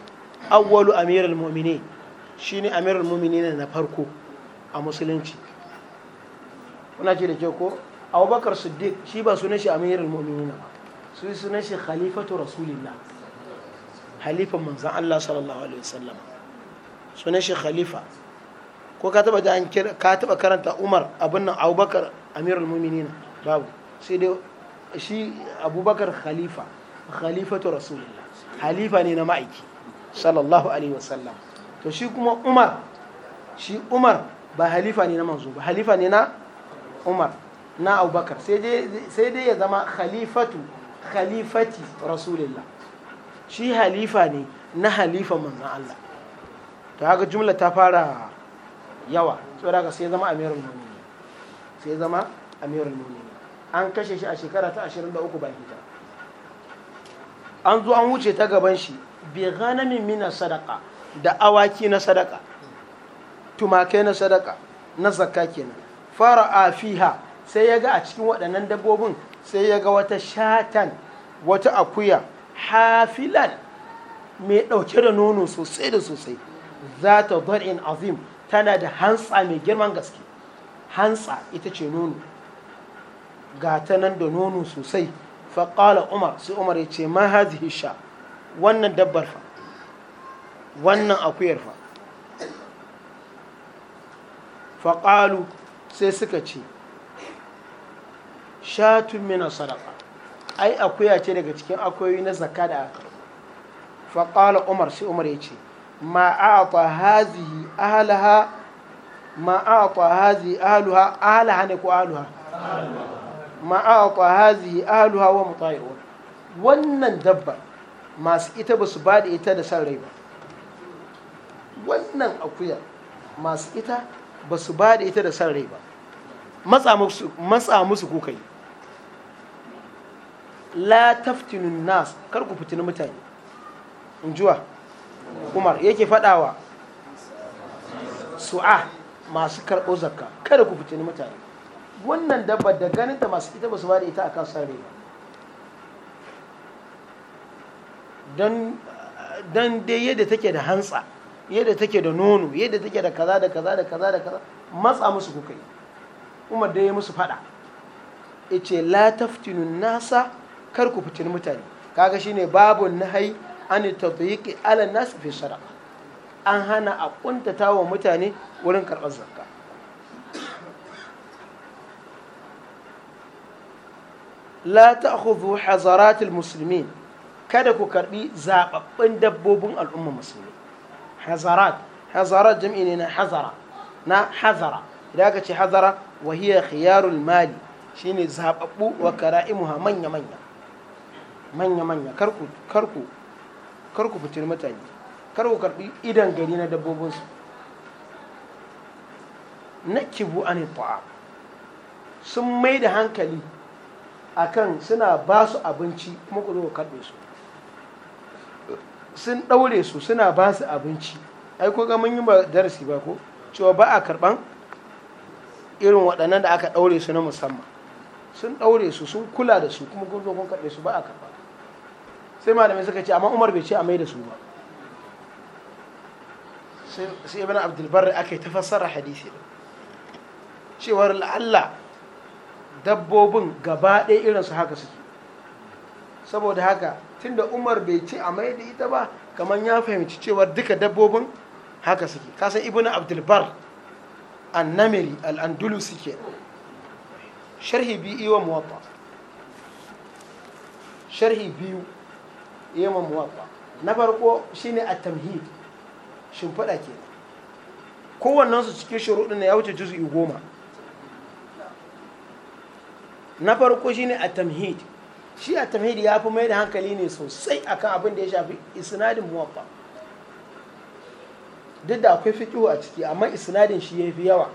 awwalu amirul mu'mini shine amirul mu'minin na farko a musulunci kuna ce da ke ko abubakar siddiq shi ba sunan shi amirul mu'minin ba su sunan shi khalifatu rasulillah halifan manzan Allah sallallahu alaihi wasallam sunan shi khalifa ko ka taba da ka taba karanta Umar abin nan Abubakar Amirul Mu'minin babu sai dai shi Abubakar khalifa khalifatu rasulillah Khalifa ne na ma'aiki sallallahu alaihi wasallam to shi kuma umar shi umar ba halifa ne na manzo ba halifa ne na umar na abubakar sai dai ya zama khalifatu khalifati rasulillah shi halifa ne na halifa manzon Allah to haka jumla ta fara yawa sai ka sai zama amirul mu'minin sai zama amirul mu'minin an kashe shi a shekara ta 23 ba hijira an zo an wuce ta gaban shi bi ghanamin min sadaqa da awaki na sadaka tumakai na sadaka na zakka kenan a fiha sai ya ga a cikin waɗannan dabbobin sai ya ga wata shatan wata akuya hafilan mai ɗauke da nono sosai da sosai za ta in azim tana da hantsa mai girman gaske hantsa ita ce nono ga ta nan da nono sosai faƙala umar sai umar ya ce ma hazihi sha' wannan dabbar fa wannan akuyar fa faƙalu sai suka ce shatun mina sadaka ai akuya ce daga cikin akuyoyi na zakka da aka faƙala umar sai umar ya ce ma a'ata hazihi ahalaha ma a'ata hazihi ahaluha ahalaha ne ko ahaluha ma a'ata hazihi ahaluha wa mutayyun wannan dabbar masu ita ba su ba da ita da san rai ba wannan akuya masu ita ba su ba da ita da san rai ba matsa musu kuka yi la taftinun nas kar ku fitini mutane in juwa umar yake faɗawa su'a masu karɓo zakka kada ku fitini mutane wannan dabba da ganin da masu ita ba su ba da ita a kan san rai ba don dai yadda take da hantsa yadda take da nono yadda take da kaza da kaza da kaza da kaza matsa musu kuka yi umar da ya musu fada ya ce la taftinun nasa kar ku fitin mutane kaga shine babu nahai an tadyiqi ala nas fi sadaqa an hana a kuntata wa mutane wurin karɓar zakka la ta'khudhu hazaratil muslimin kada ku karbi zababbin dabbobin al'umma musulmi hazarat hazarat jam'i ne na hazara na hazara idan aka ce hazara wa hiya khiyarul mali shine zababbu wa kara'imuha manya manya manya manya karku karku karku fitir mutane karku karbi idan gari na dabbobin su nakibu an ta'am sun mai da hankali akan suna ba su abinci kuma ku zo karbe su sun ɗaure su suna ba su abinci ai ko ga mun yi darasi ba ko cewa ba a karɓan irin waɗannan da aka ɗaure su na musamman sun ɗaure su sun kula da su kuma kun kun karɓe su ba a karɓa sai malamai suka ce amma umar bai ce a mai da su ba sai ibn abdulbar aka yi fassara hadisi da cewar la'alla dabbobin gaba ɗaya irinsu haka suke saboda haka tunda umar bai ce a mai da ita ba kamar ya fahimci cewa duka dabbobin haka suke kasan ibn abdulbar annamiri al'andulu suke sharhi biyu iya muwaffa sharhi biyu iya muwaffa na farko shine a tamhid shimfiɗa ke kowannensu cikin shuruɗin na ya wuce juzu'i goma na farko shine a tamhid shi a tafhidi ya fi mai da hankali ne sosai akan abin da ya shafi isnadin muwaffa duk da akwai fiƙihu a ciki amma isnadin shi ya fi yawa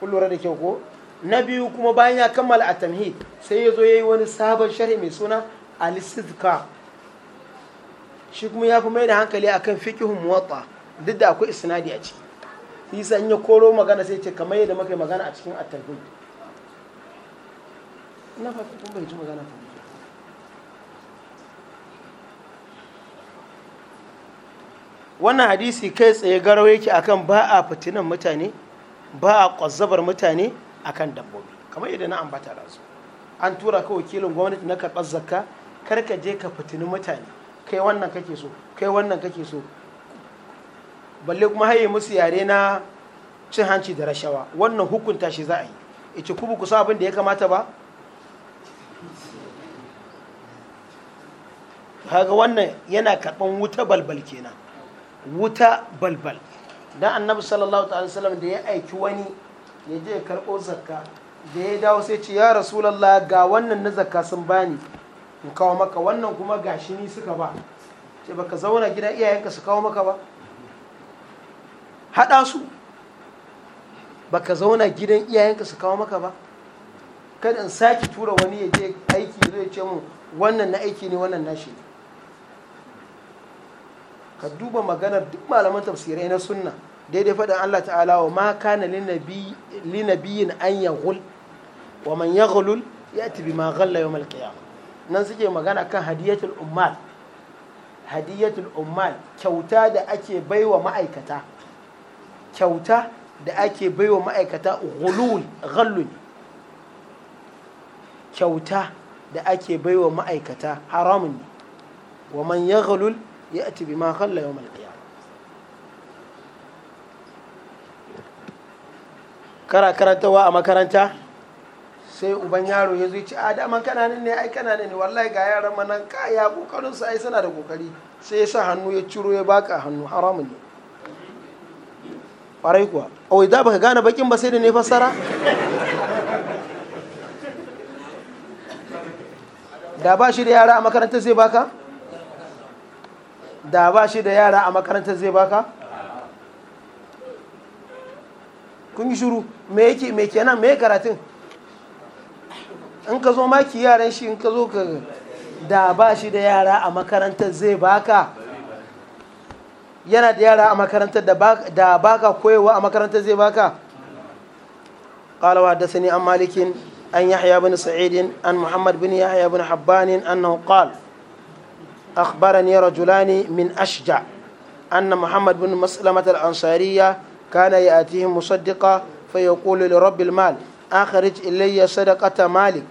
kun da kyau ko na biyu kuma bayan ya kammala a tamhid sai ya zo ya yi wani sabon sharhi mai suna alisizka shi kuma ya fi mai da hankali akan fiƙihun muwaffa duk da akwai isnadi a ciki sai in ya koro magana sai ce kamar yadda muka yi magana a cikin ina fata kuma bai ci magana ta wannan hadisi kai tsaye garau yake akan ba a fitinan mutane ba a kwazzabar mutane akan dabbobi kamar yadda na ambata da su an tura ka wakilin gwamnati na karɓar zakka kar ka je ka fitini mutane kai wannan kake so kai wannan kake so balle kuma haye musu yare na cin hanci da rashawa wannan hukunta shi za a yi ice kuma ku sa abin da ya kamata ba kaga wannan yana karban wuta balbal kenan wuta balbal dan annabi sallallahu alaihi wasallam da ya aiki wani ya je karɓo zakka da ya dawo sai ce ya rasulullah ga wannan na zakka sun bani in kawo maka wannan kuma gashi ni suka ba ce baka zauna gidan iyayenka su kawo maka ba hada su baka zauna gidan iyayenka su kawo maka ba kada in sake tura wani ya je aiki zai ce mu wannan na aiki ne wannan na shi ne ka duba maganar duk malaman tafsirai na sunna daidai faɗin Allah ta'ala wa ma kana linabiyin an yaghul wa man yaghulul ya'ti bima ghalla yawm al nan suke magana kan hadiyatul ummal hadiyatul ummal kyauta da ake baiwa ma'aikata kyauta da ake baiwa ma'aikata ghulul kyauta da ake baiwa ma'aikata haramun ne wa man yaghlul ya'ti bima khalla yawm al kara kana karantawa a makaranta sai uban yaro ya zo ci a daman kananan ne ai kananan ne wallahi ga yaran manan ka ya kokarin su ai suna da kokari sai ya sa hannu ya ciro ya baka hannu haramun ne kwarai kuwa a wai da baka gane bakin ba sai da ne fassara da ba shi da yara a makaranta zai baka da ba shi da yara a makarantar zai baka kun yi shuru me kenan me karatun in ka zo maki yaran shi in ka zo ka da ba shi da yara a makarantar zai baka yana da yara a makarantar da baka koyewa a makarantar zai baka قال an malikin an yahya يحيى Sa'idin an عن محمد yahya يحيى بن an nan قال أخبرني رجلان من أشجع أن محمد بن مسلمة الأنصارية كان يأتيهم مصدقا فيقول لرب المال أخرج إلي صدقة مالك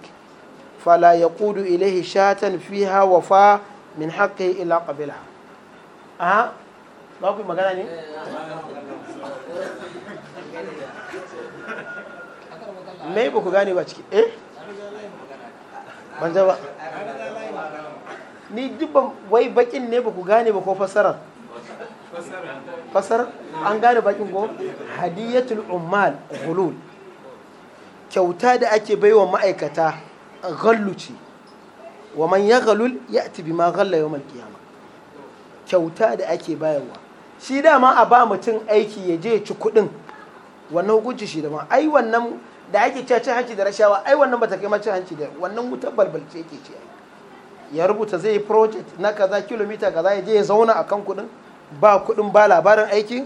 فلا يقود إليه شاة فيها وفاء من حقه إلا قبلها أها باكو مغانا ني me ba ku gane ba ciki eh ban ba ni dubban wai bakin ne ba ku gane ba ko fasarar fasarar an gane bakin ko hadiyatul ummal ghulul kyauta da ake baiwa ma'aikata galluci wa man ya galul ya ati bi ma galla kiyama. kyauta da ake bayarwa shi dama a ba mutum aiki ya je ci kuɗin wannan hukunci shi dama ai wannan da ake cacin hanci da rashawa ai wannan ba ta kai macin hanci da wannan wutar balbalce yake ce ai ya rubuta zai yi project na kaza kilomita kaza ya je ya zauna akan kuɗin ba kuɗin ba labarin aiki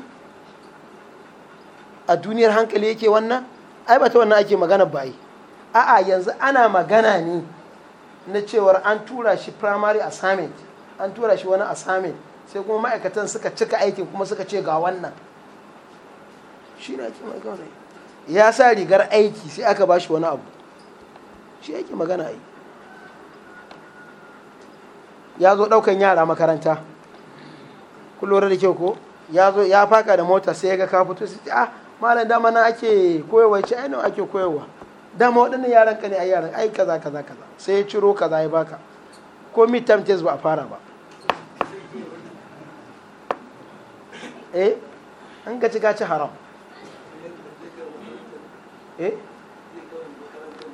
a duniyar hankali yake wannan ai ba ta wannan ake magana ba yi a'a yanzu ana magana ne na cewar an tura shi primary assignment an tura shi wani assignment sai kuma ma'aikatan suka cika aikin kuma suka ce ga wannan shi ne ake magana ya sa rigar aiki sai aka ba shi wani abu shi ake magana aiki ya zo ɗaukan yara makaranta kun lura da kyau ko ya zo ya faka da mota sai ya ga ka fito sai ah malam dama na ake koyarwa ce ainihin ake koyarwa dama waɗannan yaran ka ne a yaran ai kaza kaza kaza sai ya ciro kaza ya baka ko midterm test ba a fara ba eh an ka ci ci haram eh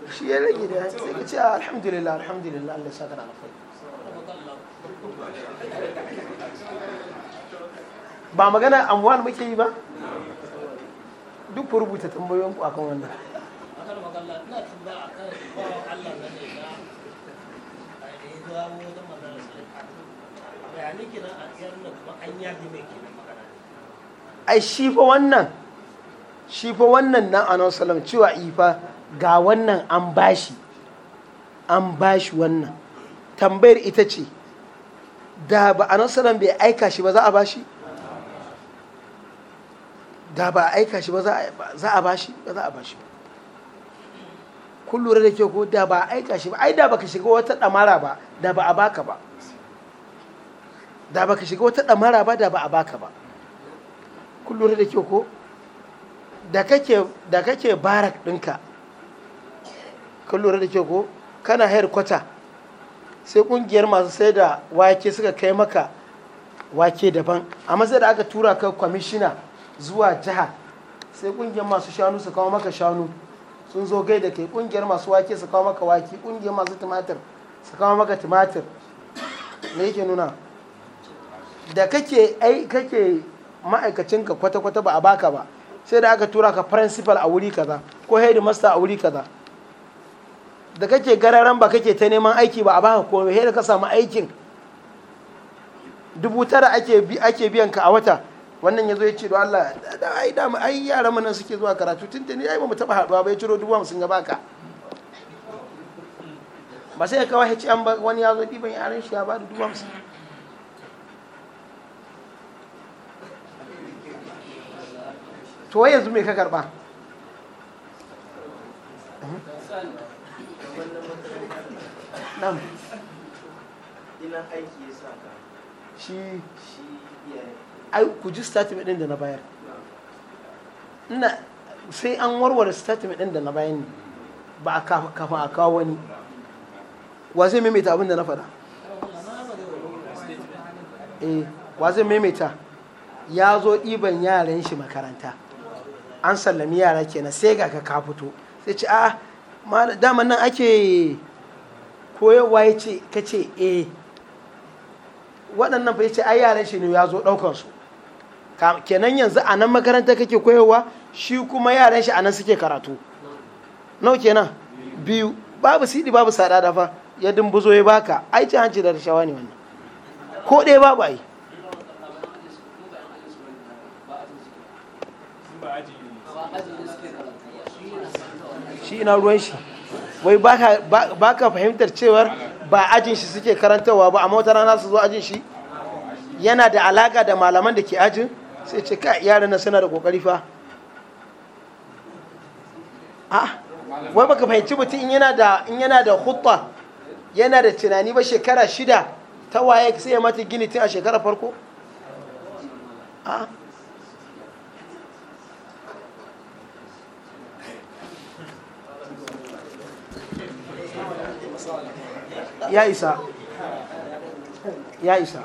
shi ya rage da ya ka ce ah, alhamdulillah alhamdulillah Allah ya saka da alkhairi ba magana amwal muke yi ba duk ku rubuta tambayoyin ku akan wannan ai shi fa wannan shi fa wannan nan anan salam cewa ifa ga wannan an bashi an bashi wannan tambayar ita ce da ba a nasarar bai aika shi ba za a ba shi? da ba a aika shi ba za a ba shi ba za a ba? kun lura da ke ko da ba a aika shi ba ai da baka shiga wata damara ba da ba a baka ba da baka shiga wata damara ba da ba a baka ba kun lura da ke ko da kake da kake barak ɗinka kun lura da ke ko kana hair quarter sai kungiyar masu sai da wake suka kai maka wake daban amma sai da aka tura ka kwamishina zuwa jiha sai kungiyar masu shanu su kawo maka shanu sun zo gai da kai kungiyar masu wake su kawo maka wake kungiyar masu tumatir su kawo maka tumatir me yake nuna da kake ai kake ma'aikacinka kwata-kwata ba a baka ba sai da aka tura ka principal a wuri kaza ko headmaster a wuri kaza da kake gararan ba kake ta neman aiki ba a baka komai sai da ka samu aikin dubu tara ake biyan ka a wata wannan ya zo ya ce da Allah da ai da ai yaran mu nan suke zuwa karatu tun tuni ai ba mu taba haduwa ba ya ciro dubu 50 ga baka ba sai kawai ya ce an wani ya zo diban yaran shi ya ba da dubu 50 to yanzu me ka karba nan ina aiki ya sa ka shi ai ku ji statement din da na bayar ina sai an warware statement ɗin da na bayan ne ba a kafa a kawo wani wa zai maimaita abin da na faɗa eh wa zai maimaita ya zo ɗiban yaran shi makaranta an sallami yara kenan sai ga ka fito sai ci a'a daman nan ake koyarwa ya ce ka ce e waɗannan fa ai yaran shi ne ya zo ɗaukansu kenan yanzu a nan makaranta kake koyarwa shi kuma yaran shi a nan suke karatu nau kenan biyu babu siɗi babu sadada dafa ya dumbuzo ya baka ai ci hanci da rashawa ne wannan ko ɗaya babu ai shi ina ruwan shi wai ba ka fahimtar cewar ba ajin shi suke karantarwa ba amma wata rana su zo ajin shi yana da alaka da malaman da ke ajin sai ce ka yaran na suna da kokari fa a wai baka fahimci mutum in yana da in yana da hutta yana da tunani ba shekara shida ta waye sai ya mata gini tun a shekara farko a ya isa ya isa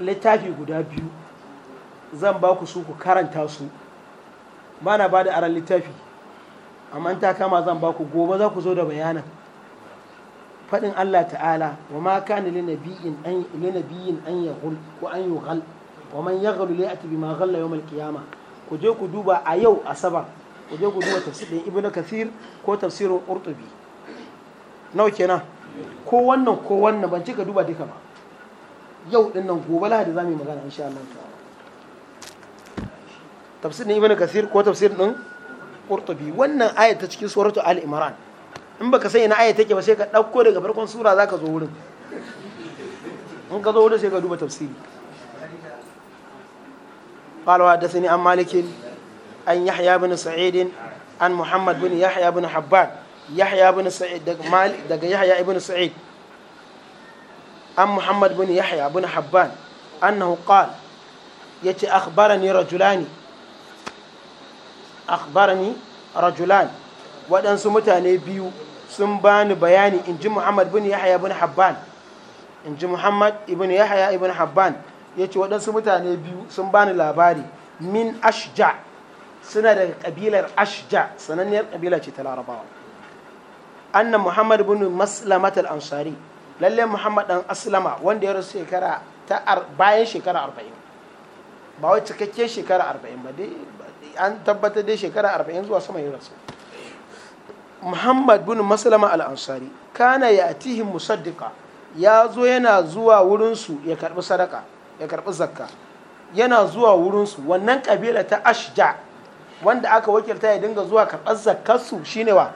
littafi guda biyu zan ba ku su ku karanta su ba na ba da aran littafi amma ta kama zan ba ku gobe za ku zo da bayanan faɗin Allah ta'ala wa ma kana linabiyin an linabiyin an ko an yughal wa man yaghlu la ya'ti bima ghalla yawm al-qiyamah ku je ku duba a yau asabar ku je ku duba tafsirin ibnu kathir ko tafsirin qurtubi nawa kenan ko wannan ko wannan ban cika duba duka ba yau din nan gobe lahadi za mu yi magana insha Allah ta'ala tafsir din ibnu kasir ko tafsir din qurtubi wannan ayat ta cikin suratu al-imran in baka sai ina ayat take ba sai ka dauko daga farkon sura zaka zo wurin in ka zo wurin sai ka duba tafsiri قال وحدثني عن مالك عن يحيى بن سعيد عن محمد بن يحيى بن حبان yahya ibn sa'id daga malik daga yahya ibn sa'id an muhammad bin yahya bin habban annahu qala yace akhbarani rajulani akhbarani rajulan waɗansu mutane biyu sun bani bayani in ji muhammad bin yahya bin habban in ji muhammad ibn yahya ibn habban ya waɗansu mutane biyu sun bani labari min ashja suna daga ƙabilar ashja sananniyar ƙabila ce ta larabawa anna muhammad bin maslamat al-ansari lalle muhammad dan aslama wanda ya rasu shekara ta bayan shekara 40 ba wai cikakken shekara 40 ba dai an tabbatar dai shekara 40 zuwa sama ya rasu muhammad bin maslama al-ansari kana ya atihim musaddiqa ya zo yana zuwa wurinsu ya karbi sadaka ya karbi zakka yana zuwa wurinsu wannan kabila ta ashja wanda aka wakilta ya dinga zuwa karɓar zakkarsu shine wa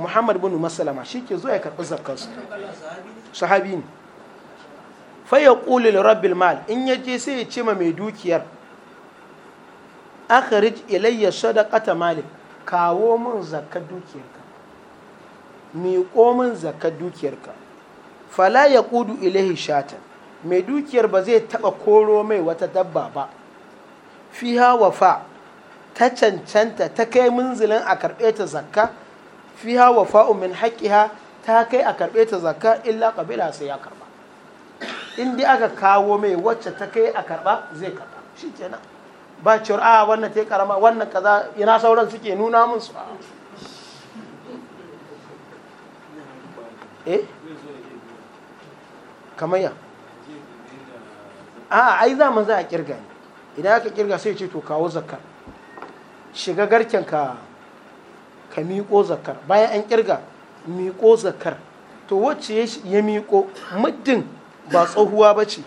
muhammad bin masalama shi ke zuwa ya karɓi zakkansu sahabi ne faya ƙulil rabbil mal in ya je sai ya ce ma mai dukiyar akhrij ilayya sadaqata malik kawo min zakkar dukiyarka miƙo min zakar dukiyarka fala ya ƙudu ilai shata mai dukiyar ba zai taɓa koro mai wata dabba ba fiha wafa ta cancanta ta kai munzilin a karɓe ta zakka fiha wafa'u min haƙiha ta kai a karɓe ta zakka illa ƙabila sai ya karba in dai aka kawo mai wacce ta kai a karba zai karba shikenan ba cewar a ah, wannan ta karama wannan kaza ina sauran suke nuna mun su eh kamar ya a ai mu za a kirga ne idan aka kirga sai ce to kawo zakka shiga garken ka ka miƙo zakar bayan an ƙirga miƙo zakar to wacce ya miƙo muddin ba tsohuwa ba ce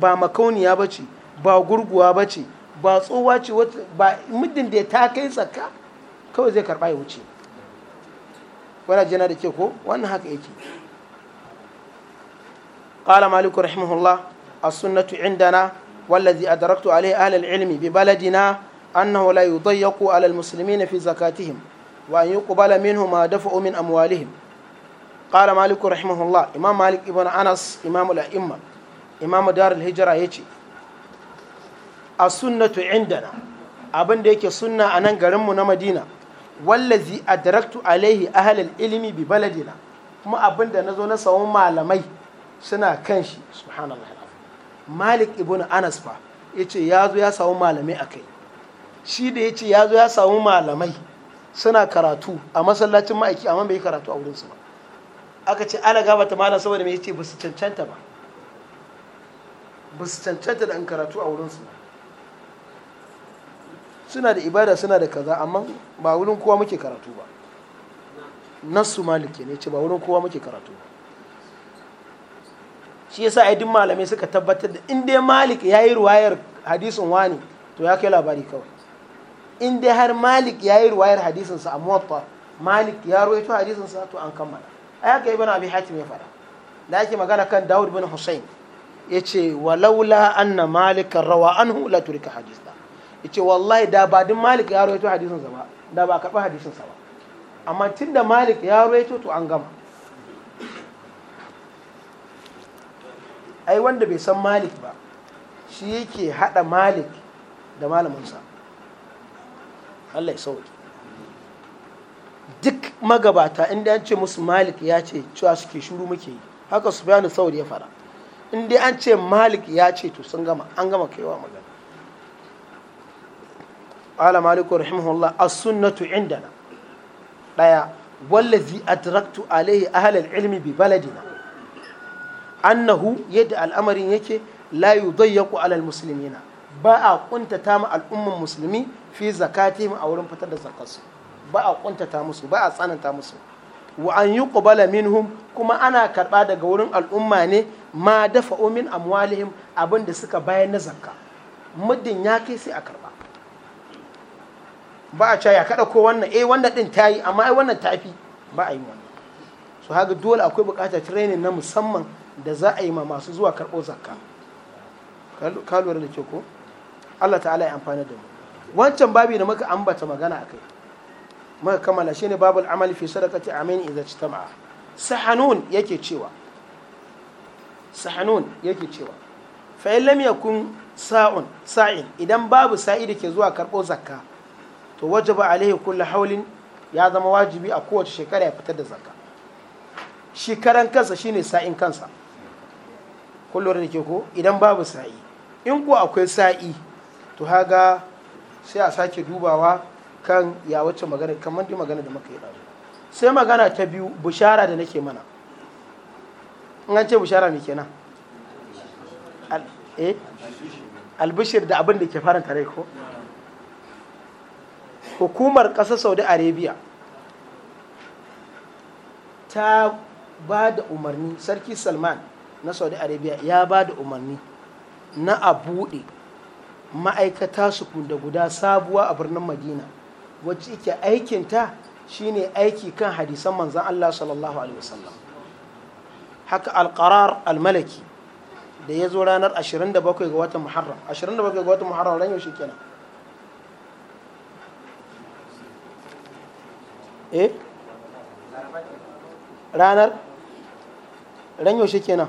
ba makauniya ba ce ba gurguwa ba ce ba tsohuwa ce ba muddin da ta kai tsaka kawai zai karɓa ya wuce wani jana da ke ko wannan haka yake قال مالك رحمه الله السنة عندنا والذي أدركت عليه أهل العلم ببلدنا أنه لا يضيق على المسلمين في زكاتهم وأن يقبل منه ما دفعوا من أموالهم قال مالك رحمه الله إمام مالك ابن أنس إمام الأئمة إمام دار الهجرة يجي السنة عندنا abin da yake sunna a nan garinmu na madina wallazi adraktu alaihi ahlal ilimi bi baladina kuma abin na zo na samun malamai suna kan shi subhanallah malik ibn anas fa ya ce ya zo ya samu malamai a kai shi da ya ce ya zo ya samu malamai suna karatu a masallacin ma'aiki amma bai karatu a wurinsu ba aka ce ana gaba ta malam saboda mai ce ba su cancanta ba ba su cancanta da an karatu a wurinsu ba suna da ibada suna da kaza amma ba wurin kowa muke karatu ba nasu Malik ne ce ba wurin kowa muke karatu ba shi yasa ai duk malamai suka tabbatar da in dai malik yayi ruwayar hadisin wani to ya kai labari kawai in dai har malik ya yi ruwayar hadisinsa a muwatta malik ya ruwaito hadisinsa to an kammala a haka ibn abi hatim ya fara da ake magana kan dawud bin hussein ya ce wa laula anna malik rawa anhu la turika hadisa ya ce wallahi da ba din malik ya ruwaito hadisinsa ba da ba karɓi hadisinsa ba amma tun da malik ya ruwaito to an gama ai wanda bai san malik ba shi yake hada malik da malaminsa Allah ya sauke duk magabata inda an ce musu malik ya ce cewa suke shuru muke yi haka su bayanu sauri ya fara inda an ce malik ya ce to sun gama an gama kaiwa magana ala maliku rahimahullah as-sunnatu indana daya wallazi adraktu alaihi ahlal ilmi bi baladina annahu yadda al'amarin yake la yudayyaku alal muslimina ba a kuntata ma al'umman musulmi fi zakati a wurin fitar da zakarsu ba a kuntata musu ba a tsananta musu wa an yi qubala minhum kuma ana karba daga wurin al'umma ne ma dafa min amwalihim abin da suka bayar na zakka muddin ya kai sai a karba ba a caya kada ko wannan eh wannan din tayi amma ai wannan tafi ba a yi wannan su haka dole akwai bukatar training na musamman da za a yi ma masu zuwa karbo zakka ka da ke ko Allah ta'ala ya amfani da mu wancan babi da muka ambata magana akai muka kammala shine babu amali fi sadaqati amin idza ijtama'a sahanun yake cewa sahanun yake cewa fa in lam yakun sa'un sa'in idan babu sa'i da ke zuwa karbo zakka to wajaba alaihi kullu haulin ya zama wajibi a kowace shekara ya fitar da zakka Shekaran karan kansa shine sa'in kansa kullum da ke ko idan babu sa'i in ko akwai sa'i to haga sai a sake dubawa kan ya wacce magana kamar da magana da muka yi ɗazu sai magana ta biyu bushara da nake mana in an ce bushara me kenan eh? albishir da abin da ke faranta rai ko hukumar ƙasar saudi arabia ta ba da umarni sarki salman na saudi arabia ya ba da umarni na a buɗe ma'aikata su kunda guda sabuwa a birnin madina wacce ike aikinta shine aiki kan hadisan manzan allah sallallahu alaihi wasallam haka alƙarar almalaki da ya zo ranar 27 ga watan muharram 27 ga watan muharram ran yaushe kenan eh ranar ran yaushe kenan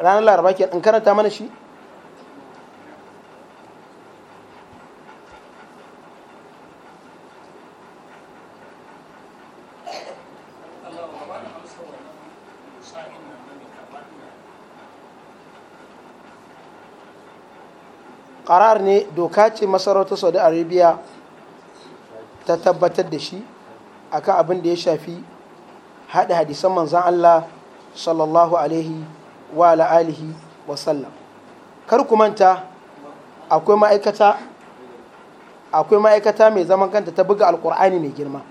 ranar laraba ke an karanta mana shi karar ne doka ce masarautar saudi arabia ta tabbatar da shi akan abin da ya shafi haɗa hadisan manzan allah sallallahu alaihi wa la'alihi alihi wa sallam kar ku manta akwai ma'aikata akwai ma'aikata mai zaman kanta ta buga alkur'ani mai girma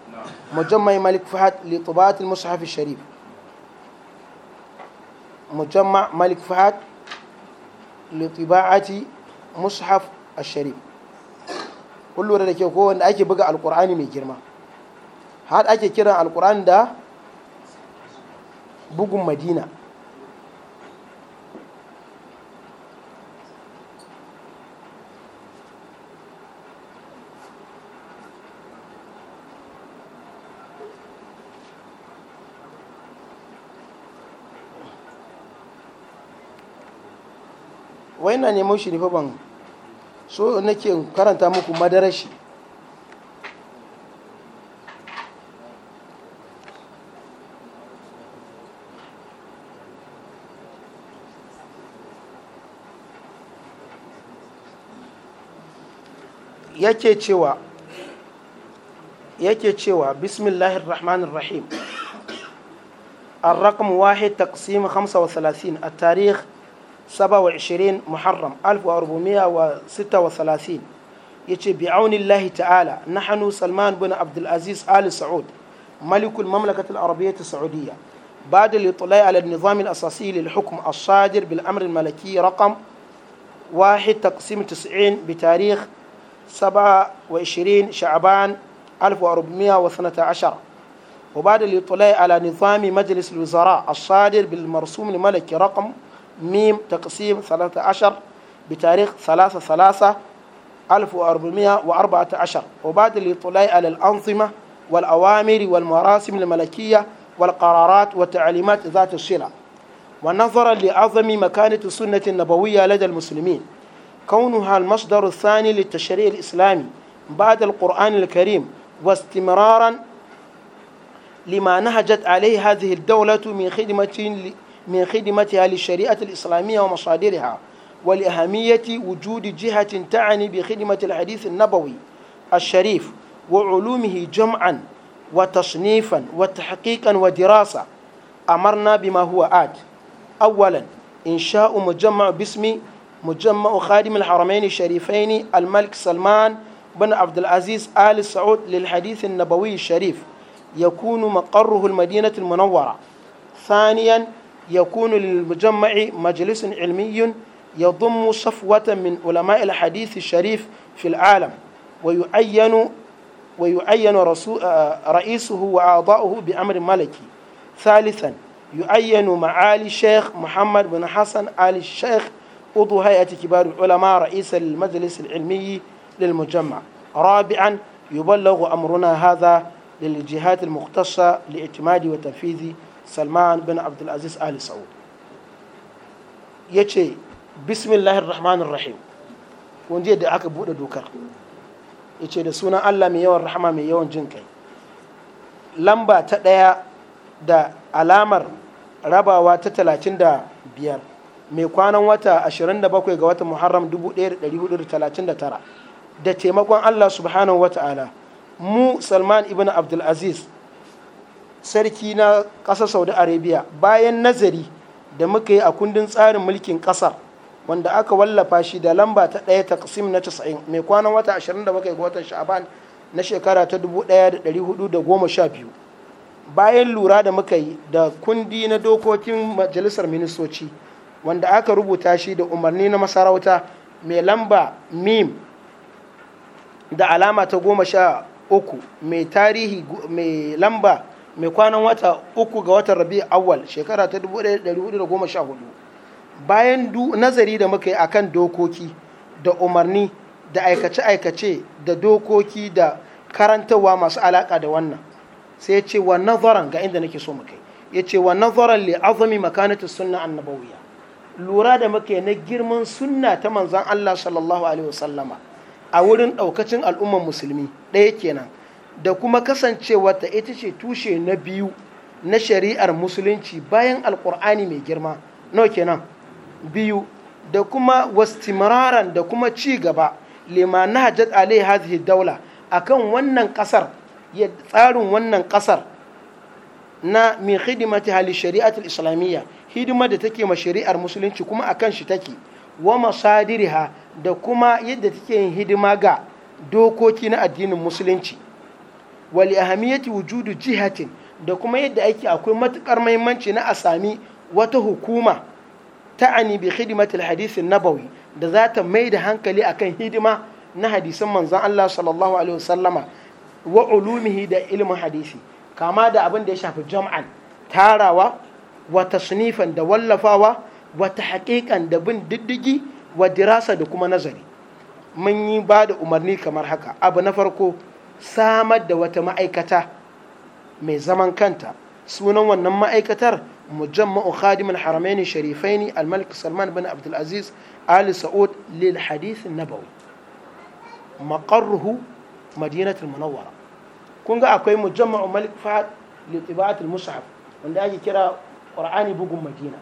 mujammai malik fahad li tubatul mushaf sharif mujamma malik fahad li tibati mushaf sharif kun lura da ke ko wanda ake buga alkur'ani mai girma har ake kiran alkur'ani da bugun madina wai na neman ne fa ban so nake karanta muku madarar shi yake cewa yake cewa bismillahir rahmanir rahim الرقم واحد تقسيم خمسة وثلاثين التاريخ 27 muharram 1436 yace bi aunillahi ta'ala nahnu salman bin abdul aziz al saud ملك المملكة العربية السعودية بعد الاطلاع على النظام الأساسي للحكم الصادر بالأمر الملكي رقم واحد تقسيم تسعين بتاريخ سبعة وعشرين شعبان ألف وأربعمائة واثنة عشر وبعد الاطلاع على نظام مجلس الوزراء الصادر بالمرسوم الملكي رقم ميم تقسيم 13 عشر بتاريخ ثلاثة ثلاثة ألف وأربعة عشر وبعد الاطلاع على الأنظمة والأوامر والمراسم الملكية والقرارات والتعليمات ذات الصلة ونظرا لعظم مكانة السنة النبوية لدى المسلمين كونها المصدر الثاني للتشريع الإسلامي بعد القرآن الكريم واستمرارا لما نهجت عليه هذه الدولة من خدمة من خدمتها للشريعة الإسلامية ومصادرها ولأهمية وجود جهة تعني بخدمة الحديث النبوي الشريف وعلومه جمعا وتصنيفا وتحقيقا ودراسة أمرنا بما هو آت أولا إنشاء مجمع باسم مجمع خادم الحرمين الشريفين الملك سلمان بن عبد العزيز آل سعود للحديث النبوي الشريف يكون مقره المدينة المنورة ثانيا يكون للمجمع مجلس علمي يضم صفوة من علماء الحديث الشريف في العالم ويعين ويعين آه، رئيسه وأعضاؤه بأمر ملكي ثالثا يعين معالي الشيخ محمد بن حسن آل الشيخ عضو هيئة كبار العلماء رئيس المجلس العلمي للمجمع رابعا يبلغ أمرنا هذا للجهات المختصة لاعتماد وتنفيذ salman bin abdulaziz ali sa'ud ya ce bismillahir rahmanir rahim kun da aka buɗe dokar ya ce da sunan allah mai yawan rahama mai yawan jin kai lamba ta ɗaya da alamar rabawa ta talatin da biyar mai kwanan wata 27 ga watan muharram 1439 da taimakon allah subhanahu wa ta'ala mu salman ibn abdulaziz sarki na ƙasar saudi arabia bayan nazari da muka yi a kundin tsarin mulkin ƙasar wanda aka wallafa shi da lamba ta ɗaya taksim na 90 mai kwanan wata 27 ga watan sha'aban na shekara ta 1412 bayan lura da muka yi da kundi na dokokin majalisar ministoci wanda aka rubuta shi da umarni na masarauta mai lamba mim da alama ta goma sha uku mai tarihi mai lamba mai kwanan wata uku ga watan rabi awal shekara ta 1414 bayan nazari da muka yi a kan dokoki da umarni da aikace-aikace da dokoki da karantarwa masu alaƙa da wannan sai ya ce wa nazaran ga inda nake so muka yi ya ce wa nazaran le azumi makanatu sunna annabawiya lura da muke na girman sunna ta manzan Allah sallallahu alaihi wasallama a wurin ɗaukacin al'ummar musulmi ɗaya kenan da kuma kasancewarta ita ce tushe na biyu na shari'ar musulunci bayan alkur'ani mai girma no kenan biyu da kuma wastimararan da kuma ci gaba lima na hajjat alai hazihi daula akan wannan kasar ya tsarin wannan kasar na min hidimati hali shari'atul islamiyya hidima da take ma shari'ar musulunci kuma akan shi take wa masadiriha da kuma yadda take yin hidima ga dokoki na addinin musulunci wali ahamiyati wujudu jihatin da kuma yadda ake akwai matukar mahimmanci na a sami wata hukuma ta'ani bi khidmatil hadisin nabawi da za ta mai da hankali akan hidima na hadisan manzon Allah sallallahu alaihi wasallama wa ulumihi da ilimin hadisi kama da abin da ya shafi jam'an tarawa wa tasnifan da wallafawa wa tahqiqan da bin diddigi wa dirasa da kuma nazari mun yi ba da umarni kamar haka abu na farko samar da wata ma'aikata mai zaman kanta sunan wannan ma'aikatar mujamma'u khadimin haramaini sharifaini al-malik salman bin abdulaziz ali sa'ud lil hadith nabawi maqarruhu madinatul munawwara kun ga akwai mujamma'u malik fahad li tibatul mushaf wanda ake kira qur'ani bugun madina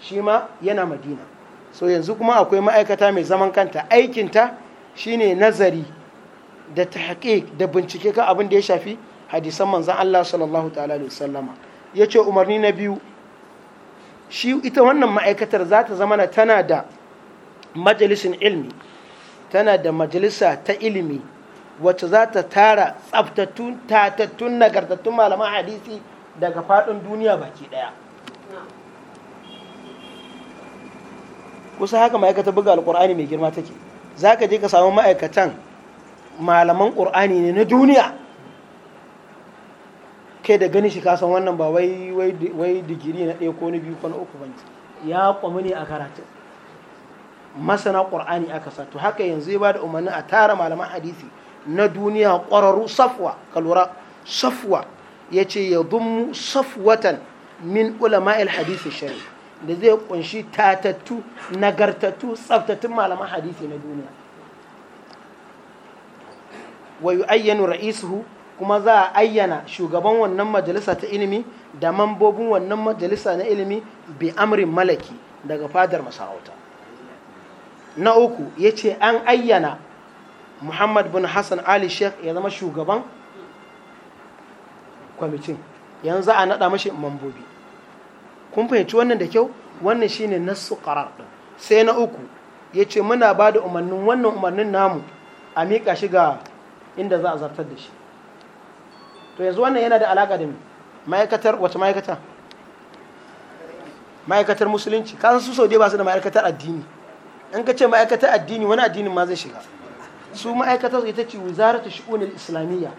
shi ma yana madina so yanzu kuma akwai ma'aikata mai zaman kanta aikinta shine nazari da tahqiq da bincike kan abin da ya shafi hadisan manzan Allah sallallahu ta'ala alaihi wasallama yace umarni na biyu shi ita wannan ma'aikatar za ta zama tana da majalisin ilmi tana da majalisa ta ilimi wacce za ta tara tsaftattun tatattun nagartattun malaman hadisi daga faɗin duniya baki ɗaya kusa haka ma'aikatar buga alkur'ani mai girma take za ka je ka samu ma'aikatan malaman ƙur'ani ne na duniya kai da gani shi kasan wannan ba wai digiri na ɗaya ko na biyu ko na uku bane ya kwamu ne a karatu masana ƙur'ani aka sa to haka yanzu ya ba da umarni a tara malaman hadisi na duniya ƙwararru safwa ka lura safwa ya ce ya dummu safwatan min ulama hadisi shari da zai ƙunshi tatattu nagartattu tsaftattun malaman hadisi na duniya wa ayyanu ra'isuhu kuma za a ayyana shugaban wannan majalisa ta ilimi da mambobin wannan majalisa na ilimi bi amrin malaki daga fadar masarauta na uku ya ce an ayyana muhammad bin hassan ali sheikh ya zama shugaban kwamitin yanzu a naɗa mashi mambobi kun fahimci wannan da kyau wannan shine nasu karar din sai na uku ya ce muna ba da umarnin wannan umarnin namu a miƙa shi ga inda za a zartar da shi to yanzu wannan yana da alaƙa da ma'aikatar wata ma'aikata ma'aikatar musulunci kasan su saudiya ba su da ma'aikatar addini in ka ce ma'aikatar addini wani addinin ma zai shiga su ma'aikatar ita ce ta shi'unil islamiyya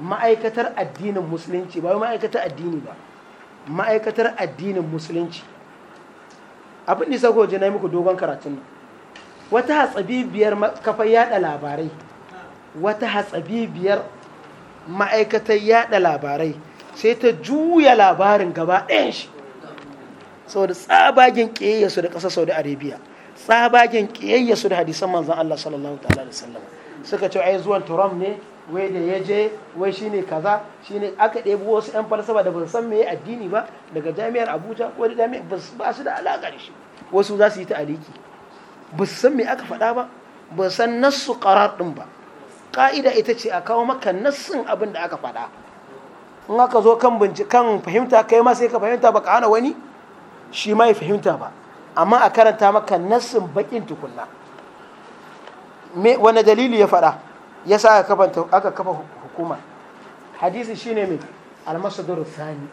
ma'aikatar addinin musulunci ba ma'aikatar addini ba ma'aikatar addinin musulunci abin da sako jina muku dogon karatun nan wata hatsabibiyar kafa yada labarai wata hatsabibiyar ma'aikatar yada labarai sai ta juya labarin gaba ɗayan shi saboda tsabagen ƙiyayya su da ƙasar saudi arabia tsabagen ƙiyayya su da hadisan manzan allah sallallahu ta'ala da suka ce ai zuwan Trump ne wai da ya je wai shine kaza shine aka ɗebi wasu 'yan falsafa da ban san me addini ba daga jami'ar abuja ko da jami'ar ba su da alaƙa da shi wasu za su yi ta aliki ba su san me aka faɗa ba ba san nassu ƙarar ɗin ba ƙa'ida ita ce a kawo maka nassin abin da aka faɗa in aka zo kan binciken fahimta kai ma sai ka fahimta baka hana wani shi ma ya fahimta ba amma a karanta maka nassin bakin tukunna wani dalili ya faɗa ya sa aka kafa hukuma hadisi shine mai almasadar sani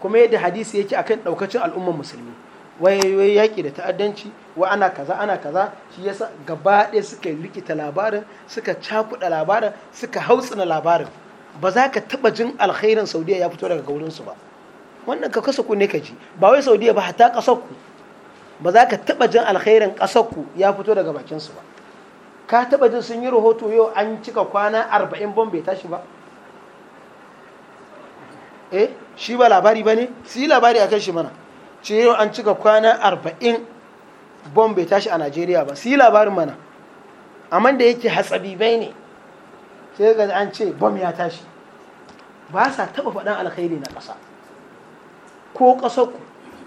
kuma yadda hadisi yake akan ɗaukacin al'ummar musulmi wai yaƙi da ta'addanci wa ana kaza ana kaza shi yasa gaba ɗaya suka likita labarin suka cakuɗa labarin suka hautsina labarin ba za ka taɓa jin alkhairin saudiya ya fito daga gaurinsu ba wannan ka kasa ku ne ka ji ba wai saudiya ba hatta ƙasar ku ba za ka taɓa jin alkhairin ƙasar ku ya fito daga bakinsu ba ka taɓa jin sun yi rahoto yau an cika kwana arba'in bom bai tashi ba eh shi ba labari ba ne su yi labari a kan shi mana ce yau an cika kwana arba'in bom bai tashi a najeriya ba su yi labarin mana amma da yake hatsabibai ne sai ga an ce bom ya tashi ba sa taɓa faɗan alkhairi na ƙasa ko ƙasarku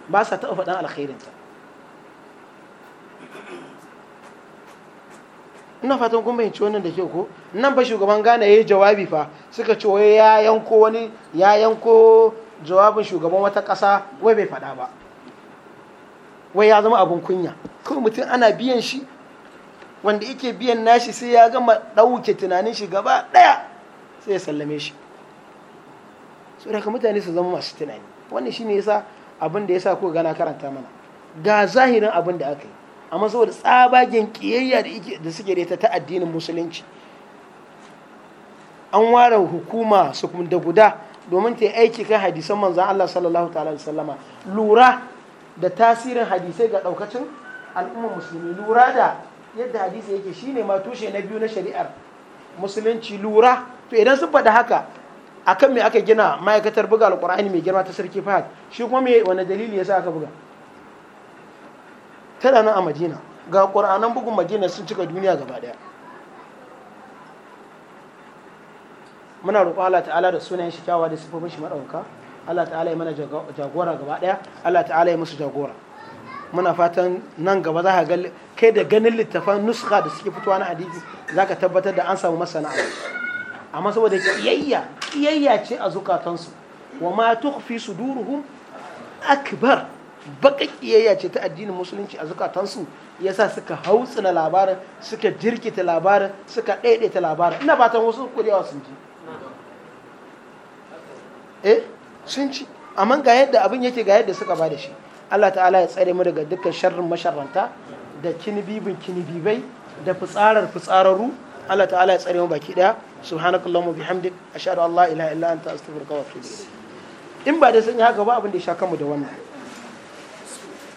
ba sa taɓa faɗan alkhairinta ina fatan kun bayanci wannan da ke ko nan fa shugaban gane ya yi jawabi fa suka ce wai ya yanko wani ya yanko jawabin shugaban wata ƙasa wai bai faɗa ba wai ya zama abin kunya kawai mutum ana biyan shi wanda yake biyan nashi sai ya gama ɗauke tunanin shi gaba ɗaya sai ya sallame shi so daga mutane su zama masu tunani wannan shine yasa abin da yasa kuka gana karanta mana ga zahirin abin da aka yi amma saboda tsabagen kiyayya da suke da ita ta addinin musulunci an ware hukuma su da guda domin ta aiki kan hadisan manzan Allah sallallahu ta'ala sallama lura da tasirin hadisai ga ɗaukacin al'ummar musulmi lura da yadda hadisi yake shine ma tushe na biyu na shari'ar musulunci lura to idan sun faɗi haka akan me aka gina ma'aikatar buga alƙur'ani mai girma ta sarki fahad shi kuma me wani dalili sa aka buga tana nan a madina ga ƙur'anan bugun madina sun cika duniya gaba ɗaya muna roƙo Allah ta'ala da sunayen shi kyawawa da sifofin shi maɗauka Allah ta'ala ya mana jagora gaba ɗaya Allah ta'ala ya musu jagora muna fatan nan gaba za ka ga kai da ganin littafan nuska da suke fitowa na hadisi za ka tabbatar da an samu masana'a amma saboda kiyayya kiyayya ce a zukatansu wa ma tukhfi suduruhum akbar baka kiyayya ce ta addinin musulunci a zukatansu yasa suka hautsina labarin suka jirkita labarin suka daidaita labarin ina fatan wasu kurewa sun ji eh sun ci amma ga yadda abin yake ga yadda suka ba da shi Allah ta'ala ya tsare mu daga dukkan sharrin masharranta da kinibibin kinibibai da fitsarar fitsararru Allah ta'ala ya tsare mu baki daya subhanakallahumma bihamdik ashhadu an la ilaha illa anta astaghfiruka wa atubu in ba da sun yi haka ba abin da ya sha kanmu da wannan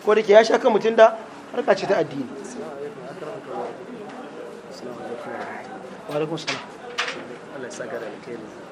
ko da ke ya sha kanmu tun da harka ce ta addini wa alaikum salam Allah ya saka da alkhairi